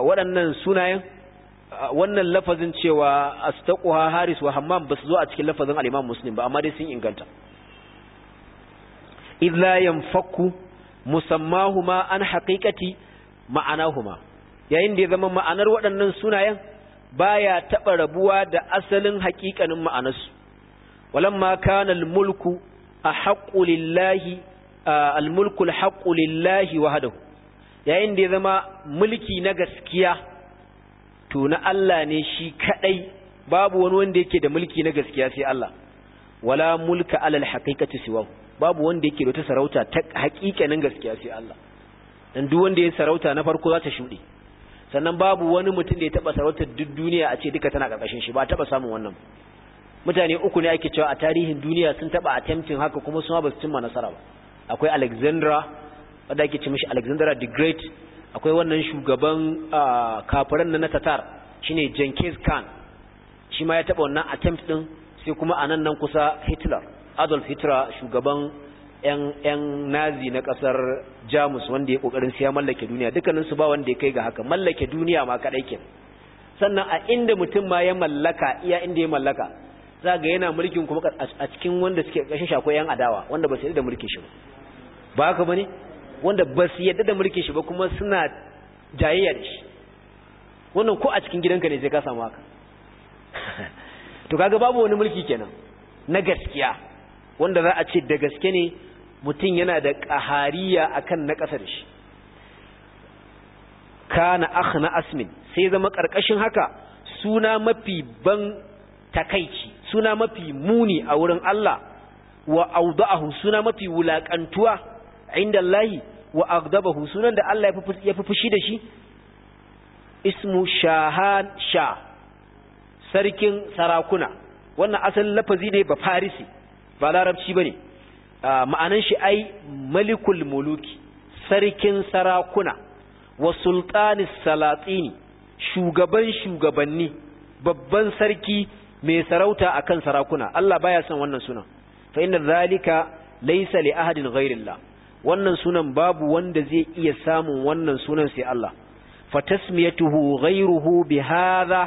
waɗannan sunayen wannan lafazin cewa astaquha haris wa hammam basu zo a cikin lafazin al-imam muslim ba amma dai sun inganta idh yanfaku musammahuma an haqiqati ma'anahuma yayin da ya zama ma'anar waɗannan sunayen baya taɓa rabuwa da asalin haƙiƙanin ma'anarsu walamma kana al-mulku a lillahi Almulku mulku al lillahi wahdahu yayin da ya zama mulki na gaskiya to na Allah ne shi kadai babu wani wanda yake da mulki na gaskiya sai Allah wala mulka alal haqiqati siwa babu wanda yake da wata sarauta ta haƙiƙanin gaskiya sai Allah dan duk wanda ya sarauta na farko za ta shuɗe sannan babu wani mutum da ya taba sarautar duk duniya a ce duka tana karkashin shi ba taba samun wannan mutane uku ne ake cewa a tarihin duniya sun taba attempting haka kuma su ma ba su cimma nasara ba akwai alexandra wadda ake ce mashi alexandra the great akwai wannan shugaban kafiran na na tatar shine jenkins khan shi ma ya taba wannan attempt din sai kuma a nan nan kusa hitler adolf hitler shugaban 'yan nazi na kasar jamus wanda ya kokarin siya mallake duniya dukkanin su ba wanda ya kai ga haka mallake duniya ma kadai ke sannan a inda mutum ma ya mallaka iya inda ya mallaka za ga yana mulkin kuma a cikin wanda suke kashin shako yan adawa wanda ba su yadda da mulkin shi ba haka bane wanda ba su yadda da mulkin shi ba kuma suna jayayya da shi wannan ko a cikin gidanka ne sai ka samu haka [laughs] to kaga babu wani mulki kenan na gaskiya wanda za a ce da gaske ne mutum yana da ƙahariya akan na ƙasa da shi kana akhna asmin sai zama ƙarƙashin haka suna mafi ban takaici suna mafi muni a wurin Allah wa awda'ahu suna mafi wulakantuwa inda Allah wa agdabahu sunan da Allah ya fi fushi da shi ismu shahan sha sarkin sarakuna wannan asalin lafazi ne ba farisi ba larabci bane ma'anan shi ai malikul muluki sarkin sarakuna wa sultanis salatini shugaban shugabanni babban sarki mai sarauta akan sarakuna Allah baya son wannan sunan fa inna zalika laysa li ahadin ghairillah wannan sunan babu wanda zai iya samun wannan sunan sai Allah fa tasmiyatuhu ghairuhu bihadha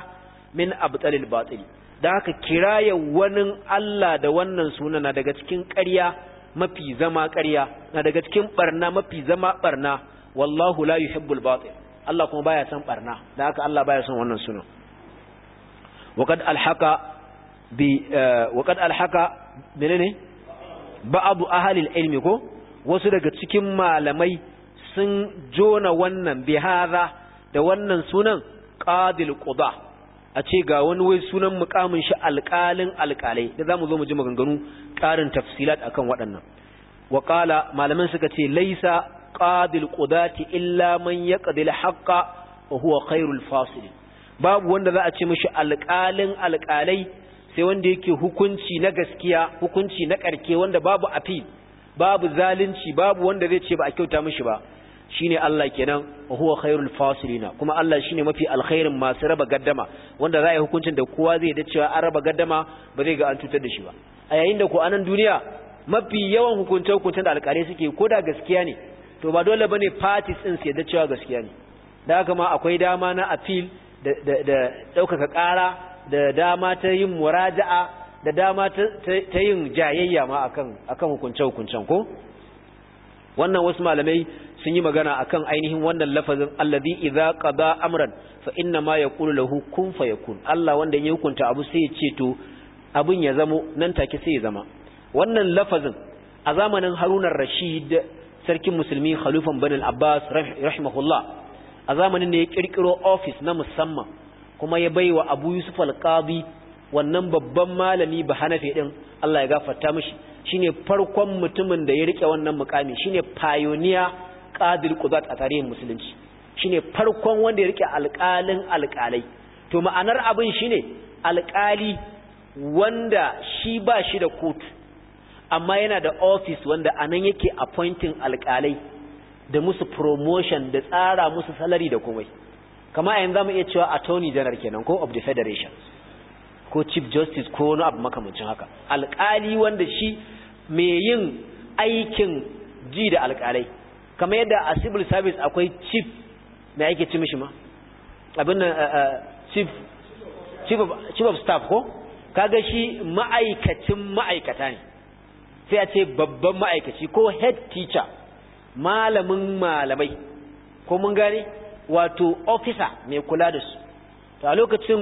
min abtalil batil da haka kiraya wani Allah da wannan sunan na daga cikin ƙarya mafi zama ƙarya na daga cikin barna mafi zama barna wallahu la yuhibbul batil Allah kuma baya son barna da haka Allah baya son wannan sunan وقد الحق ب وقد الحق منني بعض اهل العلم كو ko wasu daga cikin malamai sun jona wannan bihara da wannan sunan qadil quda a ce ga wani wai sunan mukamin shi alƙalin alƙalai da zamu zo mu ji maganganu ƙarin tafsilat akan waɗannan wa qala malaman suka ce laisa qadil qudati illa man yaqdil haqqo huwa khairul fasilin babu wanda za a ce mishi alƙalin alƙalai sai wanda yake hukunci na gaskiya hukunci na ƙarke wanda babu afi babu zalunci babu wanda zai ce ba a kyauta mishi ba shine Allah kenan wa huwa khairul fasilina kuma Allah ne mafi alkhairin masu raba gaddama wanda za a yi hukuncin da kowa zai da cewa an raba gaddama ba zai ga an cutar da shi ba a yayin da ku anan duniya mafi yawan hukunce hukuncen da alƙalai suke ko da gaskiya ne to ba dole bane parties din su yadda cewa gaskiya ne da haka ma akwai dama na appeal da ɗaukaka ƙara da dama ta yin muraja'a da dama ta yin jayayya ma akan hukunce-hukuncen ko wannan wasu malamai sun yi magana akan ainihin wannan lafazin allazi idza qada amran fa inna ma yaqulu lahu kun fayakun Allah wanda ya hukunta abu sai ya ce to abin ya zamo nan take sai ya zama wannan lafazin a zamanin Harun ar-Rashid sarkin musulmi khalifan Bani Abbas rahimahullah a zamanin ne ya kirkiro ofis na musamman kuma ya baiwa Abu Yusuf al wannan babban malami ba Hanafi din Allah ya gafarta Shi shine farkon mutumin da ya rike wannan mukami shine pioneer Qadir Qudat a tarihin musulunci shine farkon wanda ya rike alƙalin alƙalai to ma'anar abin shine alƙali wanda shi ba shi da kotu amma yana da ofis wanda anan yake appointing alƙalai da musu promotion da tsara musu salari da komai kama a yanzu mu iya cewa attorney general kenan ko of the federation ko chief justice ko wani abu makamancin haka alkali wanda shi mai yin aikin ji da alkalai kama yadda a civil service akwai chief mai ake ci mishi ma abin da eh, eh, chief of staff ko kaga shi ma'aikacin ma'aikata ne sai a ce babban ma'aikaci ko head teacher malamin malamai ko mun gane wato officer mai kula da su to a lokacin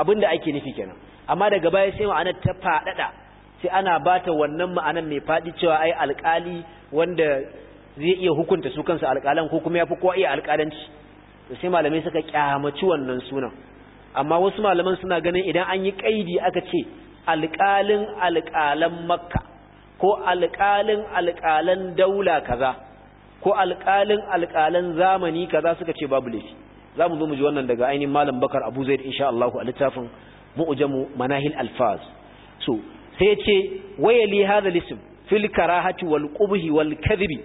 abin da ake nufi kenan amma daga baya sai ma'anar ta faɗaɗa sai ana bata wannan ma'anar mai faɗi cewa ai alƙali wanda zai iya hukunta su kansu alƙalan ko kuma ya fi kowa iya alƙalanci to sai malamai suka kyamaci wannan sunan amma wasu malaman suna ganin idan an yi ƙaidi aka ce alƙalin alƙalan makka ko alƙalin alƙalan daula kaza ko alƙalin alƙalan zamani kaza suka ce babu laifi za mu zo mu ji wannan daga ainihin malam bakar abu zaid insha Allah a littafin mu'jamu manahil alfaz so sai ya ce wayali hadha lism fil karahati wal qubhi wal kadhibi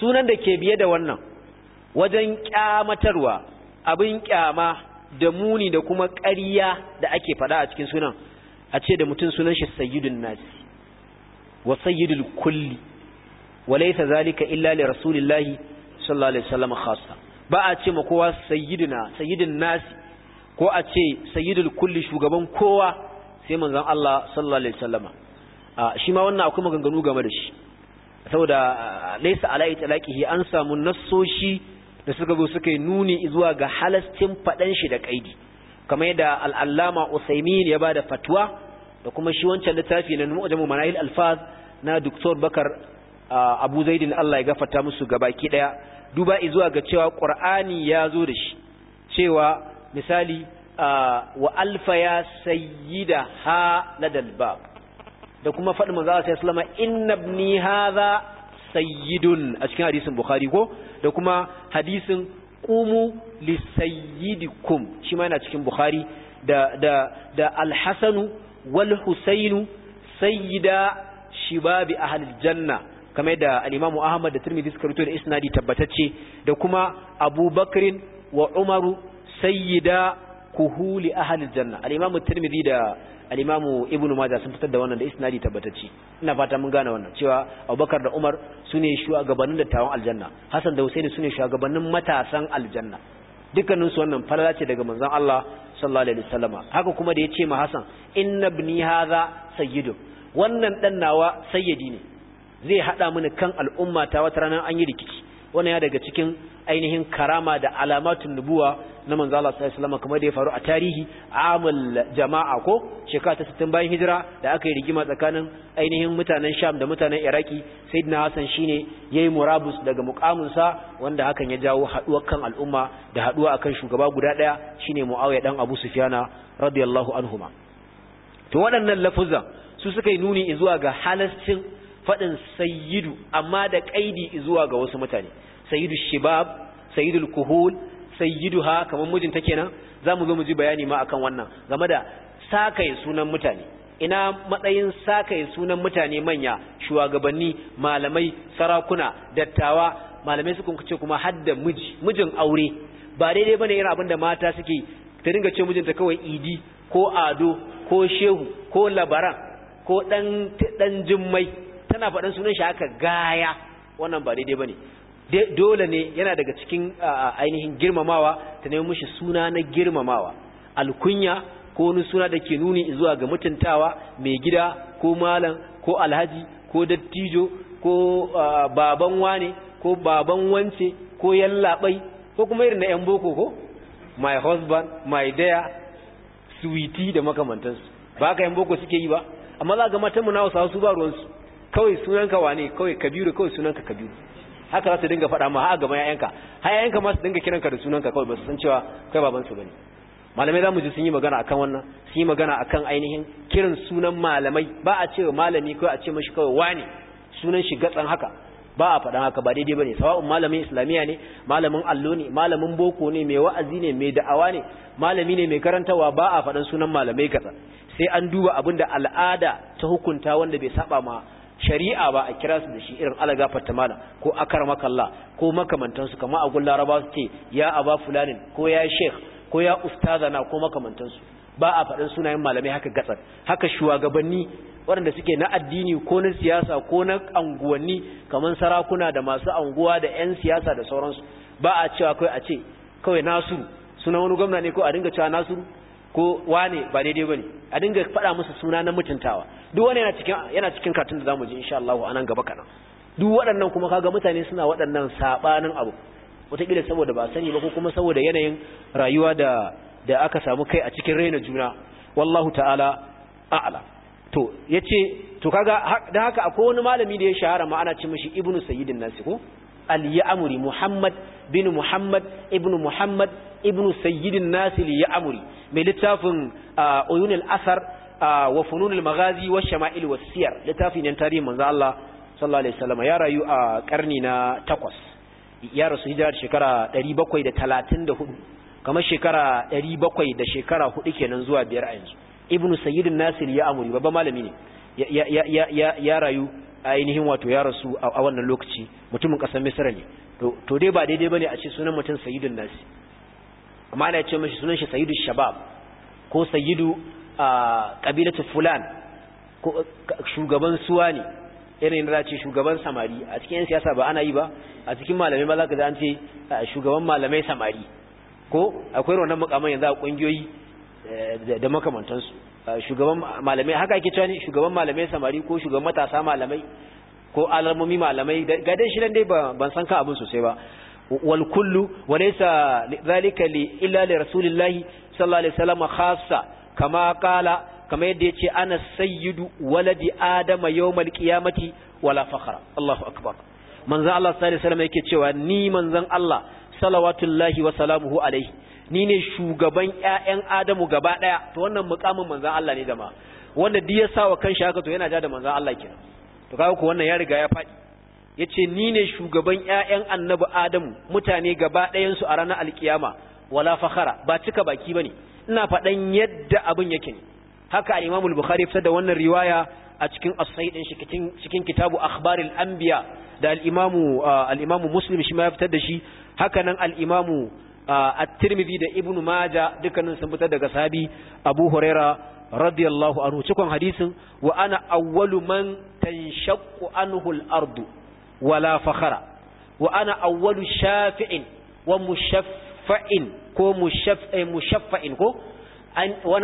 sunan da ke biye da wannan wajen kyamatarwa abin kyama da muni da kuma ƙarya da ake faɗa a cikin sunan a ce da mutum sunan shi sayyidun nasi wa sayyidul kulli wa laysa zalika illa li rasulillahi sallallahu alaihi wasallam khassa ba a ce ma kowa sayyidina sayyidin nasi ko a ce sayyidul kulli shugaban kowa sai manzon Allah sallallahu alaihi wasallam shi ma wannan akwai maganganu game da shi saboda laysa ala itlaqihi an samu nassoshi da suka zo suka yi nuni zuwa ga halascin fadan shi da kaidi kamar yadda al-allama Usaimin ya bada fatwa da kuma shi wancan littafi na mu'jamu manahil alfaz na doktor Bakar Abu Zaidin Allah ya gafata musu gabaki daya duba zuwa ga cewa Qur'ani ya zo da shi cewa misali wa alfa ya sayyida ha ladal bab da kuma faɗin manzo Allah sallama inna ibni hadha sayyidun a cikin hadisin Bukhari ko da kuma hadisin qumu lisayyidikum shi ma yana cikin Bukhari da da wal husainu sayyida shibabi ahlil janna kamar yadda al-imamu ahmad da tirmidhi suka rubuta da isnadi tabbatacce da kuma abubakrin wa umaru sayyida kuhuli ahlil janna al-imamu tirmidhi da al-imamu ibnu majah sun fitar da wannan da isnadi tabbatacce ina fata mun gane wannan cewa abubakar da umar sune shugabannin dattawan aljanna Hassan da husaini sune shugabannin matasan aljanna dukkaninsu wannan falala ce daga manzon Allah sallallahu alaihi wasallam haka kuma da yace ma Hassan inna ibni hadha sayyidu wannan dan nawa sayyidi ne zai hada mini kan al'umma ta wata ranar an yi rikici wannan ya daga cikin ainihin karama da alamatun nubuwa na manzo Allah sallallahu alaihi wasallam kamar da ya faru a tarihi amul jama'a ko shekara ta 60 bayan hijira da aka yi rigima tsakanin ainihin mutanen Sham da mutanen Iraki sayyidina Hassan shine yayi murabus daga mukamin sa wanda hakan ya jawo haduwar kan al'umma da haduwa akan shugaba guda daya shine Muawiya dan Abu Sufyan radiyallahu anhuma to waɗannan lafuzan su suka yi nuni zuwa ga halascin faɗin sayyidu amma da ƙaidi zuwa ga wasu mutane Sayidu shibab sayidu kuhul ha kamar mijinta kenan zamu zo mu ji bayani ma akan wannan game da sakaye sunan mutane ina matsayin sakaye sunan mutane manya shugabanni malamai sarakuna dattawa malamai sukan ce kuma hadda miji mijin aure ba daidai bane irin abin da mata suke ta dinga ce mijinta kawai idi ko ado ko shehu ko labaran ko dan dan jimmai tana faɗan sunan shi haka gaya wannan ba daidai bane dole ne yana daga cikin ainihin girmamawa ta nemi mishi suna na girmamawa alkunya ko wani suna da ke nuni zuwa ga mutuntawa mai gida ko malam ko alhaji ko dattijo ko baban wane ko baban wance ko yallaɓai ko kuma irin na 'yan boko ko my husband my daya suwiti da makamantansu ba ka 'yan boko suke yi ba amma za ga matan mu na wasu ba ruwansu kawai sunanka wane kawai kabiru kawai sunanka kabiru haka za su dinga faɗa ma a gaban yayanka har yayanka ma su dinga kiranka da sunanka kawai ba su san cewa kai baban su bane malamai za mu ji sun yi magana akan wannan sun yi magana akan ainihin kiran sunan malamai ba a ce malami kawai a ce mashi kawai wani sunan shi gatsan haka ba a faɗan haka ba daidai bane sawa'un malamin islamiya ne malamin allo ne malamin boko ne mai wa'azi ne mai da'awa ne malami ne mai karantawa ba a faɗan sunan malamai kasa sai an duba abin da al'ada ta hukunta wanda bai saba ma shari'a ba a kira su da shi irin alagafata malam ko akar makalla ko makamantansu kama a gullara laraba su ce ya aba fulanin ko ya sheikh ko ya ustazana ko makamantansu ba a faɗin sunayen malamai haka gatsar haka shugabanni waɗanda suke na addini ko na siyasa ko na anguwanni kamar sarakuna da masu anguwa da 'yan siyasa da sauransu ba a cewa kawai a ce kawai nasu suna wani gwamna ne ko a dinga cewa nasu ko wane ba daidai ne a dinga faɗa musu suna na mutuntawa duk wani yana cikin yana cikin katun da zamu ji insha Allah anan gaba kana duk waɗannan kuma kaga mutane suna waɗannan sabanin abu wataƙila saboda ba sani ba ko kuma saboda yanayin rayuwa da da aka samu kai a cikin raina juna wallahu ta'ala a'la to yace to kaga da haka akwai wani malami da ya shahara ma ana ce mishi ibnu sayyidin nasi ko al-ya'muri muhammad bin muhammad ibn muhammad ibn sayyidin nasi al-ya'muri mai littafin uh, uyun al-asar uh, wa funun al-maghazi wa shama'il wa siyar littafin yan tarihi manzo Allah sallallahu alaihi wasallam ya rayu a karni na 8 ya rasu hijira shekara 734 kamar shekara 700 da shekara 4 kenan zuwa biyar a yanzu ibn sayyidin nasi al-ya'muri babban malami ne ya rayu ainihin wato ya rasu a wannan lokaci mutumin kasar misira ne to dai ba daidai bane a ce sunan mutum sayidun nasi amma ana ce mashi sunan shi sayidun shabab ko a kabilatu fulan ko shugaban suwa ne irin yana ce shugaban samari a cikin siyasa ba ana yi ba a cikin malamai ba za ka an ce shugaban malamai samari ko akwai wannan mukamman yanzu a kungiyoyi eh, da makamantansu Eh, shugaban malamai haka ake cewa ne shugaban malamai samari ko shugaban matasa malamai ko alamomi malamai ga dai shi dai ban san ka abin sosai ba wal kullu wa laysa zalika li illa li rasulillahi sallallahu alaihi wasallam khassa kama qala kama yadda yace ana sayyidu waladi adama yawmal qiyamati wala fakhra Allahu akbar manzon Allah sallallahu alaihi wasallam yake cewa ni manzon Allah salawatullahi wa salamuhu alaihi ni ne shugaban ƴaƴan Adamu gaba ɗaya to wannan mukamin manzon Allah ne jama'a wanda duk ya sa wa kanshi haka to yana ja da manzon Allah kenan to kaga ko wannan ya riga ya faɗi yace ni ne shugaban ƴaƴan Annabi Adamu mutane gaba ɗayan su a ranar alkiyama wala fakhara ba cika baki bane ina faɗan yadda abin yake ne haka al-Imam al-Bukhari fitar da wannan riwaya a cikin as-sahih din cikin cikin kitabu akhbaril anbiya da al-Imam ah, al-Imam Muslim shi ma ya fitar da shi haka nan al-Imam at-tirmidhi da ibnu maja dukkanin sun fitar daga sahabi abu huraira radiyallahu anhu cikon hadisin wa ana awwalu man tanshaqqu anhu al-ardu wala fakhara wa ana awwalu shafi'in wa mushaffa'in ko mushaffa'in ko wa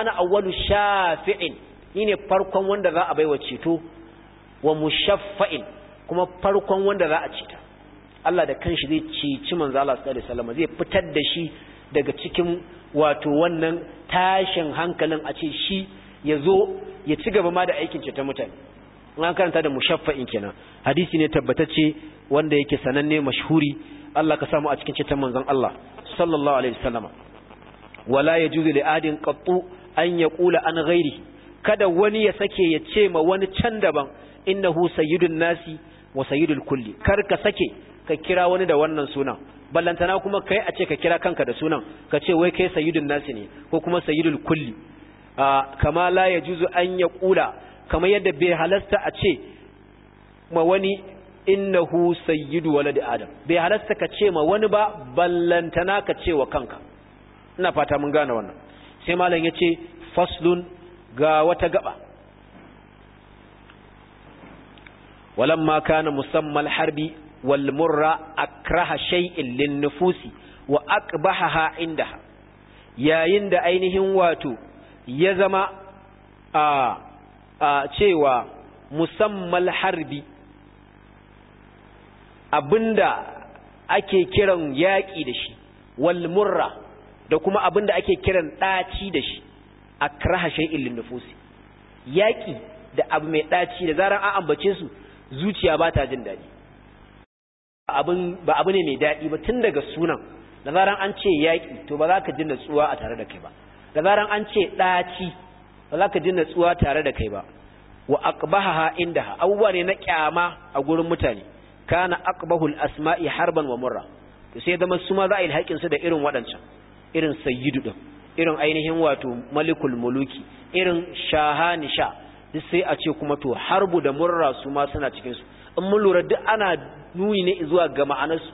ana awwalu shafi'in ni ne farkon wanda za a baiwa ceto wa mushaffa'in kuma farkon wanda za a cita Allah da kanshi zai cici manzo Allah sallallahu alaihi wasallam zai fitar da shi daga cikin wato wannan tashin hankalin a ce shi ya zo ya ci gaba ma da aikin ta mutane an karanta da mushaffa'in kenan hadisi ne tabbatacce wanda yake sananne mashhuri Allah ka samu a cikin cita manzon Allah sallallahu alaihi wasallam wala yajuzu li adin qattu an yaqula an ghairi kada wani ya sake ya ce ma wani can daban innahu sayyidun nasi wa sayyidul kulli kar ka sake ka kira wani da wannan sunan ballantana kuma kai a ce ka kira kanka da sunan ka ce wai kai sayyidun nasi ne ko kuma sayyidul kulli kama la juzu an kula kama yadda bai halasta a ce ma wani innahu sayyidu waladi adam bai halasta ka ce ma wani ba ballantana ka ce wa kanka ina fata mun gane wannan sai malam yace faslun ga wata gaba walamma kana musammal harbi wal murra akraha shay'in lin nufusi wa aqbahaha indaha yayin da ainihin wato ya zama a a cewa musammal harbi abinda ake kiran yaƙi da shi wal murra da kuma abinda ake kiran ɗaci da shi akraha shay'in lin nufusi yaƙi da abu mai ɗaci da zaran an ambace su zuciya ba ta jin daɗi ba abu ne mai daɗi ba tun daga sunan da zaran an ce yaƙi to ba za ka jin natsuwa a tare da kai ba da zaran an ce ɗaci ba za ka jin natsuwa tare da kai ba wa aqbaha inda abubuwa ne na kyama a gurin mutane kana aqbahul asma'i harban wa murra to sai zama su ma za a su da irin waɗancan irin sayyidu din irin ainihin wato malikul muluki irin shahanisha duk sai a ce kuma to harbu da murra su ma suna cikinsu. in mun lura duk ana nuni ne zuwa ga ma'anarsu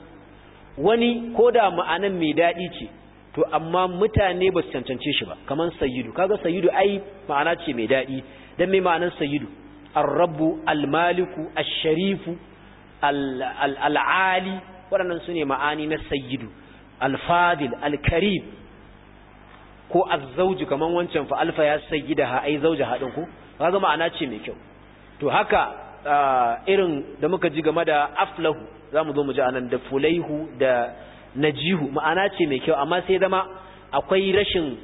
wani ko da ma'anar mai daɗi ce to amma mutane ba su cancance shi ba kamar sayyidu kaga sayidu ai ma'ana ce mai daɗi dan mai ma'anar sayidu ar almaliku al-maliku ash-sharifu al waɗannan sune ma'ani na sayyidu alfadil fadil ko azauji kamar kaman wancan fa alfa ya sayyidaha ai zawjaha din ko kaga ma'ana ce mai kyau to haka irin da muka ji game da aflahu za mu zo mu ji anan da fulaihu da najihu ma'ana ce mai kyau amma sai zama akwai rashin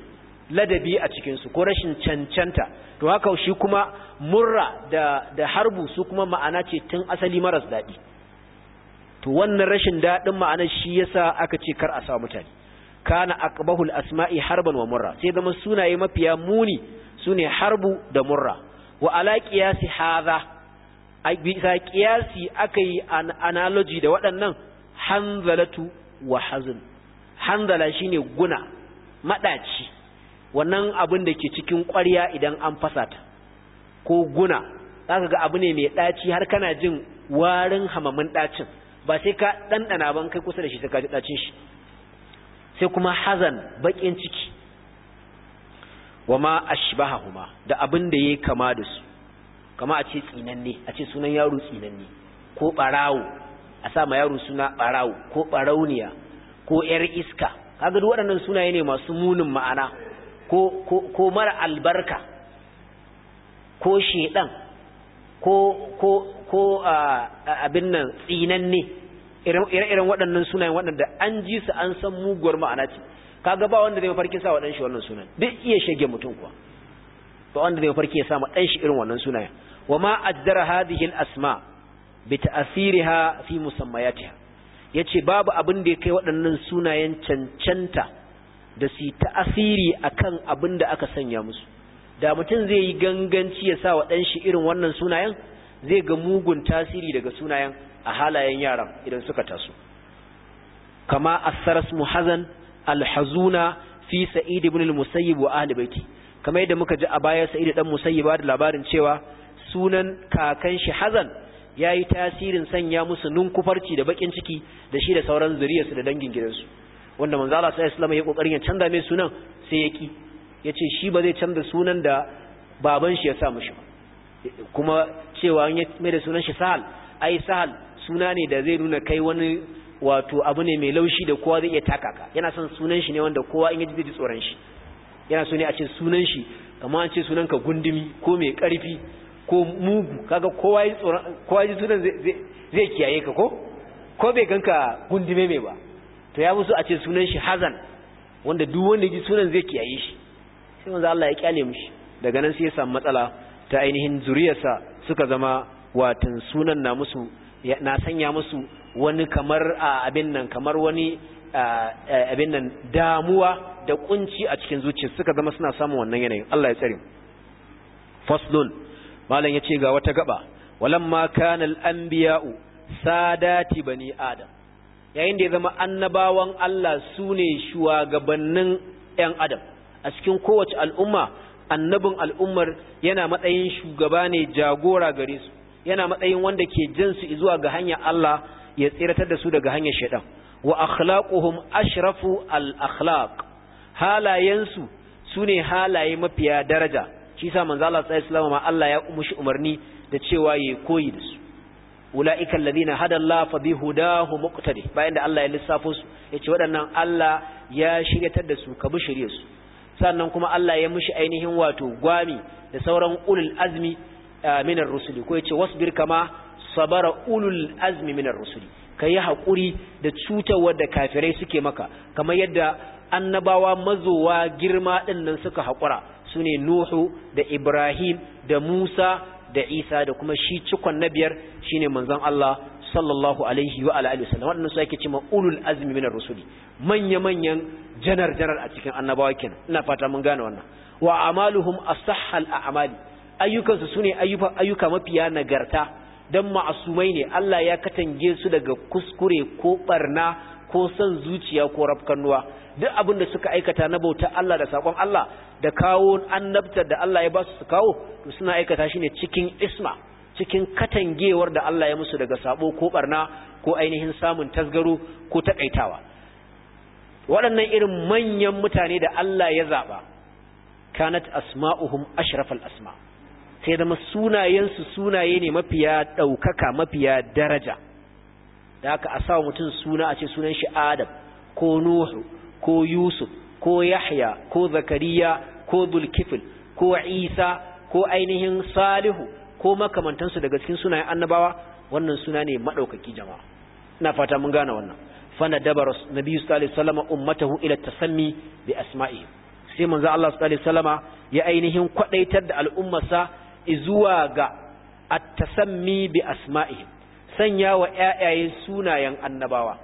ladabi a cikinsu ko rashin cancanta to haka shi kuma murra da, da harbu su kuma ma'ana ce tun asali maras daɗi to wannan rashin daɗin ma'ana shi yasa aka ce kar a sa mutane kana aqbahul asma'i harban wa murra sai zama sunaye mafiya muni sune harbu da murra wa ala qiyasi hadha A bisa kiyasi aka yi analogy da waɗannan hanzalatu wa hazin hanzala ne guna maɗaci wannan abin da ke cikin ƙwarya idan an fasata, ko guna za ka ga abu ne mai ɗaci har kana jin warin hamamin ɗacin ba sai ka ɗanɗana ban kai kusa da shi sai ka ji ɗacin shi sai kuma hazan baƙin ciki wa ma ba da abin da yayi kama da su kama a ce tsinanne a ce sunan yaro tsinanne ko barawo a sa ma yaro suna barawo ko barauniya ko yar iska kaga duk waɗannan sunaye ne masu munin ma'ana ko ko ko mara albarka ko shedan ko ko ko abin nan tsinanne irin irin waɗannan sunayen waɗanda an ji su an san muguwar ma'ana ce kaga ba wanda zai mafarkin sa waɗanshi wannan sunan duk iya shege mutum kuwa to wanda zai farki ya sama dan shi irin wannan sunayen wa ma addara hadhihi al-asma bi ta'siriha fi musammayatiha yace babu abin da ya kai waɗannan sunayen cancanta da su ta'asiri akan abin da aka sanya musu da mutum zai yi ganganci ya sa wa dan shi irin wannan sunayen zai ga mugun tasiri daga sunayen a halayen yaran idan suka taso kama asaras muhazan alhazuna fi sa'id ibn al-musayyib wa ahli baiti kamar yadda muka ji a baya sa'id dan musayyiba da labarin cewa sunan kakan shi hazan yayi tasirin sanya musu ninkufarci da bakin ciki da shi da sauran zuriyarsu da dangin gidansu wanda manzo Allah sallallahu alaihi ya kokarin ya canza mai sunan sai ya ki yace shi ba zai canza sunan da baban shi ya sa mishi kuma cewa an mai da sunan shi Sahal ai Sahal suna ne da zai nuna kai wani wato abu ne mai laushi da kowa zai iya takaka yana son sunan shi ne wanda kowa in ji zai ji tsoron shi yana so ne a ce sunan shi kamar an ce sunan ka gundumi ko mai karfi ko mugu kaga kowa ji sunan zai kiyaye ka ko ko bai ganka gundume mai ba to ya musu a ce sunan shi hazan wanda duk wanda ji sunan zai kiyaye shi sai wanda Allah ya kyale mushi daga nan sai ya samu matsala ta ainihin zuriyarsa suka zama watan sunan na musu na sanya musu wani kamar abin nan kamar wani abin nan damuwa da kunci a cikin zuciya suka zama suna samun wannan yanayin Allah ya tsare faslun malam yace ga wata gaba walamma kana anbiyau sadati bani adam yayin da ya zama annabawan Allah sune shugabannin ƴan adam a cikin kowace al'umma annabin al'ummar yana matsayin shugaba ne jagora gare su yana matsayin wanda ke jin su zuwa ga hanyar Allah ya tsiratar da su daga hanyar shaitan wa akhlaquhum ashrafu al akhlaq halayensu su ne halaye mafiya daraja shi sa manzo Allah sallallahu alaihi wasallam Allah ya umushi umarni da cewa yayi koyi da su ulaika alladhina hada Allah fa bihudahu muqtadi bayan da Allah ya lissafo su yace waɗannan Allah ya shiryatar da su ka bi su. sannan kuma Allah ya mushi ainihin wato gwami da sauran ulul azmi minar rusuli ko yace wasbir kama sabara ulul azmi minar rusuli kai hakuri da cutar wadda kafirai suke maka kamar yadda annabawa mazowa girma ɗin nan suka haƙura su ne Nuhu da Ibrahim da Musa da Isa da kuma shi cikon na biyar shi ne manzon Allah sallallahu alaihi wa alaihi wasallam waɗannan su ake cewa ulul azumi minar rusuli manya-manyan janar-janar a cikin annabawa kenan ina fata mun gane wannan wa amaluhum asahhal a'mali ayyukansu sune ayyuka ayyuka mafiya nagarta dan ma'asumai ne Allah ya katange su daga kuskure ko barna ko son zuciya ko rafkannuwa duk abin da suka aikata na bauta Allah da sakon Allah da kawo annabtar da Allah ya ba su kawo to suna aikata shi ne cikin isma cikin katangewar da Allah ya musu daga sabo ko barna ko ainihin samun tasgaro ko takaitawa waɗannan irin manyan mutane da Allah ya zaba kanat asma'uhum ashrafal asma sai da sunayensu sunaye ne mafiya ɗaukaka mafiya daraja da haka a sa mutum suna a ce sunan shi adam ko nuhu ko yusuf ko yahya ko zakariya ko zulkifil ko isa ko ainihin salihu ko makamantansu daga cikin sunayen annabawa wannan suna ne maɗaukaki jama'a ina fata mun gane wannan fana dabar nabi sallallahu alaihi ummatahu ila tasammi bi asma'i sai manzo Allah sallallahu alaihi ya ainihin kwadaitar da al'ummarsa izuwa ga at-tasammi bi asma'i. sanya wa ƴaƴaye sunayen annabawa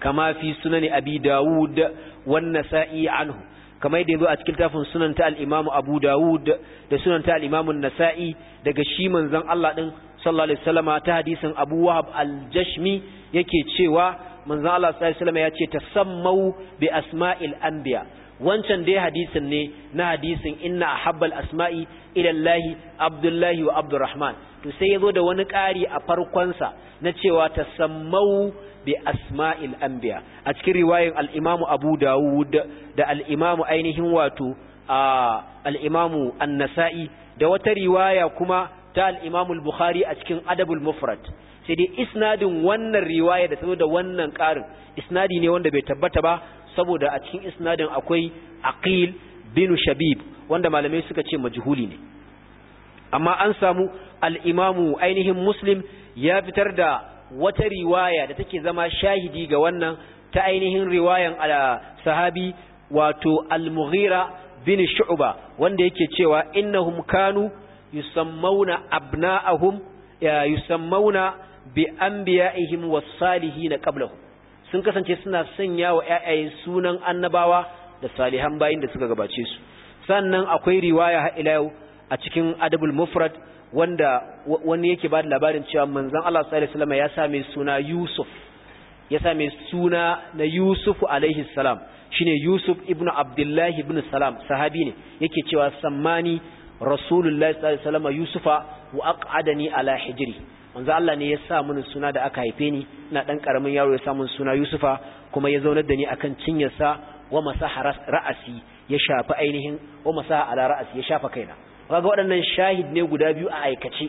kama fi sunani abi dawud wan sa'i anhu kama yadda yanzu a cikin tafin sunan ta abu dawud da sunanta ta al-imamu nasai daga shi manzan Allah din sallallahu alaihi wasallama ta hadisin abu wahab al-jashmi yake cewa manzon Allah sallallahu alaihi wasallama ya tasammau bi asma'il anbiya wancan dai hadisin ne na hadisin inna habbal asma'i ila abdullahi wa abdurrahman to sai ya zo da wani ƙari a farkonsa na cewa ta sammau bi asma'il anbiya a cikin riwayin al'imamu abu dawud da al'imamu ainihin wato al'imamu annasa'i da wata riwaya kuma ta al'imamu bukhari a cikin adabul mufrad sai dai isnadin wannan riwaya da ta zo da wannan ƙarin isnadi ne wanda bai tabbata ba saboda a cikin isnadin akwai aqil bin shabib wanda malamai suka ce majhuli ne amma an samu al'imamu ainihin muslim ya fitar da wata riwaya da take zama shahidi ga wannan ta ainihin riwayan sahabi wato al-mughira bin shu'ba wanda yake cewa innahum kanu yusammauna abna'ahum yusammauna bi anbiya'ihim was-salihin qablahum sun kasance suna sanya wa ƴaƴaye sunan annabawa da salihan bayin da suka gabace su sannan akwai riwaya har ila yau a cikin adabul mufrad wanda wani yake ba da labarin cewa manzon Allah sallallahu alaihi wasallam ya same suna Yusuf ya same suna na Yusuf alaihi salam shine Yusuf ibn Abdullah ibn Salam sahabi ne yake cewa sammani Rasulullahi sallallahu alaihi wasallam Yusufa wa aq'adani ala hijri manzo Allah ne ya sa mun suna da aka haife ni ina dan karamin yaro ya sa mun suna Yusufa kuma ya zaunar da ni akan cinyarsa wa masaha ra'asi ya shafa ainihin wa masaha ala ra'asi ya shafa kaina kaga waɗannan shahid ne guda biyu a aikace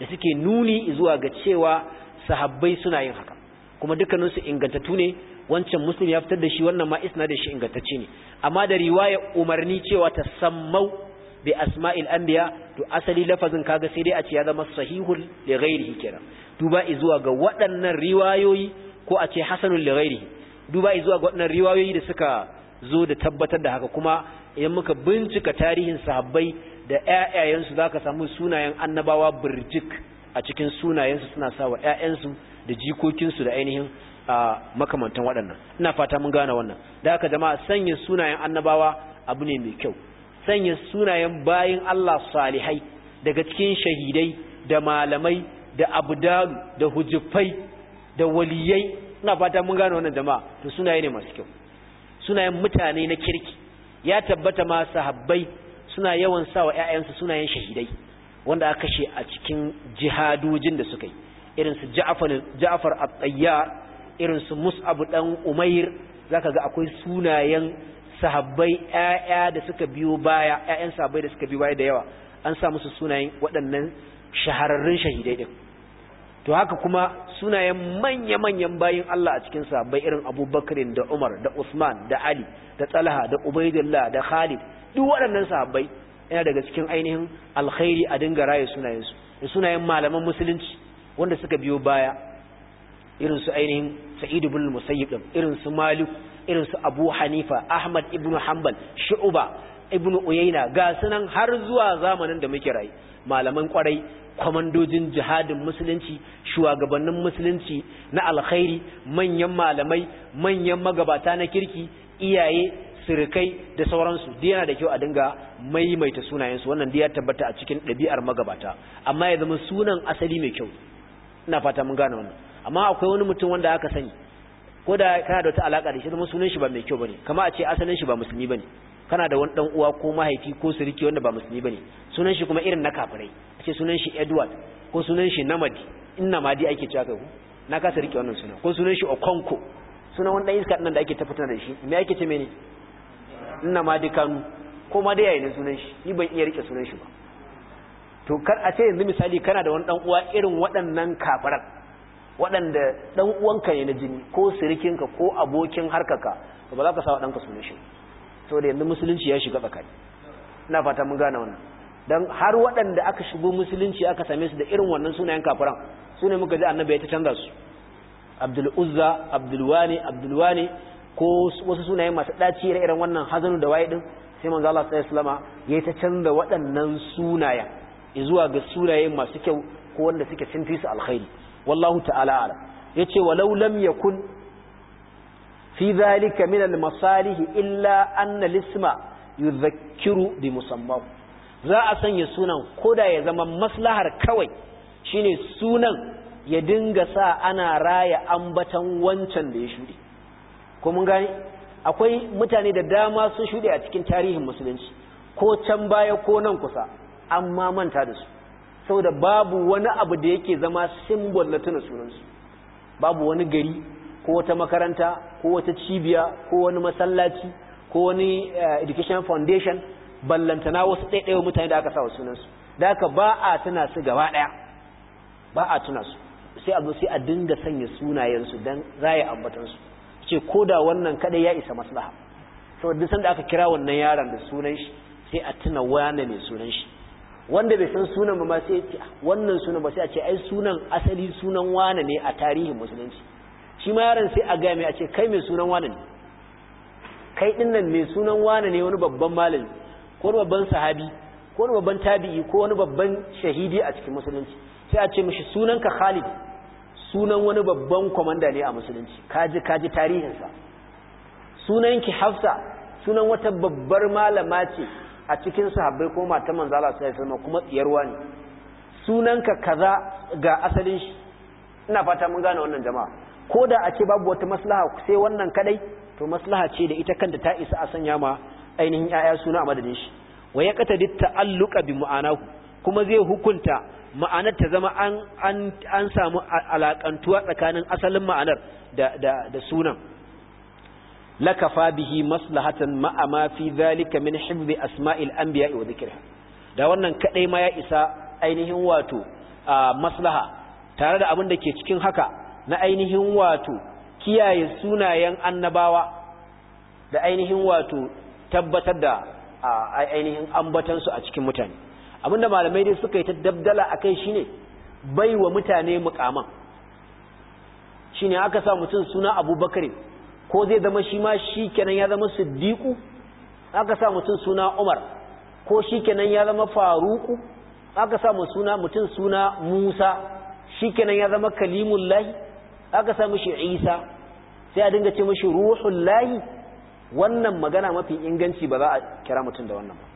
da suke nuni zuwa ga cewa sahabbai suna yin haka kuma dukkaninsu ingantattu ne wancan muslim ya fitar da shi wannan ma isna da shi ingantacce ne amma da riwaya umarni cewa ta sammau bi asma'il anbiya to asali lafazin kaga sai dai a ce ya zama sahihul li ghairihi kenan duba zuwa ga waɗannan riwayoyi ko a ce hasanul li ghairihi duba zuwa ga waɗannan riwayoyi da suka zo da tabbatar da haka kuma idan muka bincika tarihin sahabbai da ƴaƴayensu ka samu sunayen annabawa birjik a cikin sunayensu suna sawa ƴaƴansu da jikokinsu da ainihin a makamantan waɗannan ina fata mun gane wannan da haka jama'a sanya sunayen annabawa abu ne mai kyau sanya sunayen bayin Allah salihai daga cikin shahidai da malamai da abdalu da hujjafai da waliyai ina fata mun gane wannan jama'a to sunaye ne masu kyau sunayen mutane na kirki ya tabbata ma sahabbai suna yawan sa wa 'ya'yansu sunayen shahidai wanda aka kashe a cikin jihadojin da suka yi irin su a Ja'far irinsu irin su Mus'ab dan ga akwai sunayen sahabbai yaya da suka biyo baya yayan sahabbai da suka biyo baya da yawa an sa musu sunayen waɗannan shahararrun shahidai ɗin. to haka kuma sunayen manya-manyan bayin Allah a cikin sahabbai irin Abubakar da Umar da Usman da Ali da Talha da UbaidulLah da Khalid duk waɗannan sahabbai yana daga cikin ainihin alkhairi a dinga raye sunayensu da sunayen malaman musulunci wanda suka biyo baya irin su ainihin sa'id ibn musayyib din irin su malik irin su abu hanifa ahmad ibn hanbal shu'ba ibn uyayna ga sunan har zuwa zamanin da muke rayi malaman kwarai kwamandojin jihadin musulunci shugabannin musulunci na alkhairi manyan malamai manyan magabata na kirki iyaye sirikai da sauransu duk yana da kyau a dinga maimaita sunayensu wannan duk ya tabbata a cikin ɗabi'ar magabata amma ya zama sunan asali mai kyau ina fata mun gane wannan amma akwai wani mutum wanda aka sani ko da kana da wata alaka da shi zama sunan shi ba mai kyau bane kama a ce asalin shi ba musulmi bane kana da wani dan uwa ko mahaifi ko suriki wanda ba musulmi bane sunan shi kuma irin na kafirai a ce sunan shi Edward ko sunan shi Namadi in Namadi ake cewa kai na kasa rike wannan sunan ko sunan shi Okonko sunan wani dan iska nan da ake tafitar da shi me ake ce mene ina ma duka kanu ko ma dai yayin sunan shi ni ban iya rike sunan shi ba to kar a ce yanzu misali kana da wani dan uwa irin waɗannan kafaran waɗanda dan uwanka ne na jini ko sirikinka ko abokin harkarka to ba za ka sawa ɗanka sunan shi da yanzu musulunci ya shiga tsakani ina fata mun gane wannan dan har waɗanda aka shigo musulunci aka same su da irin wannan sunayen kafaran su ne muka ji annabi ya ta canza su abdul uzza abdul wani abdul wani ko wasu sunaye masu ɗaci ire iren wannan hazanu da waye din sai manzo Allah sallallahu alaihi wasallama yayi ta canza waɗannan sunayen zuwa ga sunaye masu kyau ko wanda suke sun su alkhairi wallahu ta'ala alam yace walau lam yakun fi dhalika min al-masalih illa annalisma al-isma yudhakkiru bi musammahu za a sanya sunan koda ya zama maslahar kawai shine sunan ya dinga sa ana raya ambatan wancan da ya shuɗe ko mun gane akwai mutane da dama sun shuɗe a cikin tarihin musulunci ko can baya ko nan kusa amma manta da su saboda babu wani abu da yake zama simbol na tuna sunansu babu wani gari ko wata makaranta ko wata cibiya ko wani masallaci ko wani eh, education foundation ballantana wasu ɗaiɗaiwa mutane da aka sa wa sunansu da aka ba a tuna su gaba ɗaya ba a tuna su sai a zo sai a dinga sanya sunayensu don yi ambatansu ce ko da wannan kadai ya isa maslaha saboda duk sanda aka kira wannan yaron da sunan shi sai a tuna wane ne sunan shi wanda bai san sunan ba ma sai ah, wannan sunan ba sai a ce ai sunan asali sunan wane ne a tarihin musulunci shi ma yaron sai a ga mai a ce kai mai sunan wane ne kai din nan mai sunan wane ne wani babban malami ko wani babban sahabi ko wani babban tabi'i ko wani babban shahidi a cikin musulunci sai a ce mishi sunanka Khalid sunan wani babban kwamanda ne a musulunci kaji kaji tarihinsa sunan ki hafsa sunan wata babbar malama ce a cikin sahabbai ko mata manzo Allah sai kuma tsiyarwa ne sunanka kaza ga asalin shi ina fata mun gane wannan jama'a ko da a ce babu wata maslaha sai wannan kadai to maslaha ce da ita kanta ta isa a sanya ma ainihin 'ya'ya suna a madadin shi wa ya ta alluka bi mu'anaku kuma zai hukunta ma'anar ta zama an an samu alakantuwa tsakanin asalin ma'anar da da da sunan lakafa bihi maslahatan ma'a ma fi zalika min hifzi asma'il anbiya wa dhikriha da wannan kadai ma ya isa ainihin wato maslaha tare da abin da ke cikin haka na ainihin wato kiyaye sunayen annabawa da ainihin wato tabbatar da ainihin ambatansu a cikin mutane abinda malamai dai suka yi ta dabdala shi shine bai wa mutane mukaman shine aka sa mutum suna abubakar ko zai zama shi ma shi kenan ya zama Siddiku aka sa mutum suna umar ko shi kenan ya zama faruku aka sa mutum suna musa shi kenan ya zama Kalimun Lahi aka sa mashi isa sai a dinga ce ruhun Lahi wannan magana mafi inganci ba za a kira mutum da wannan ba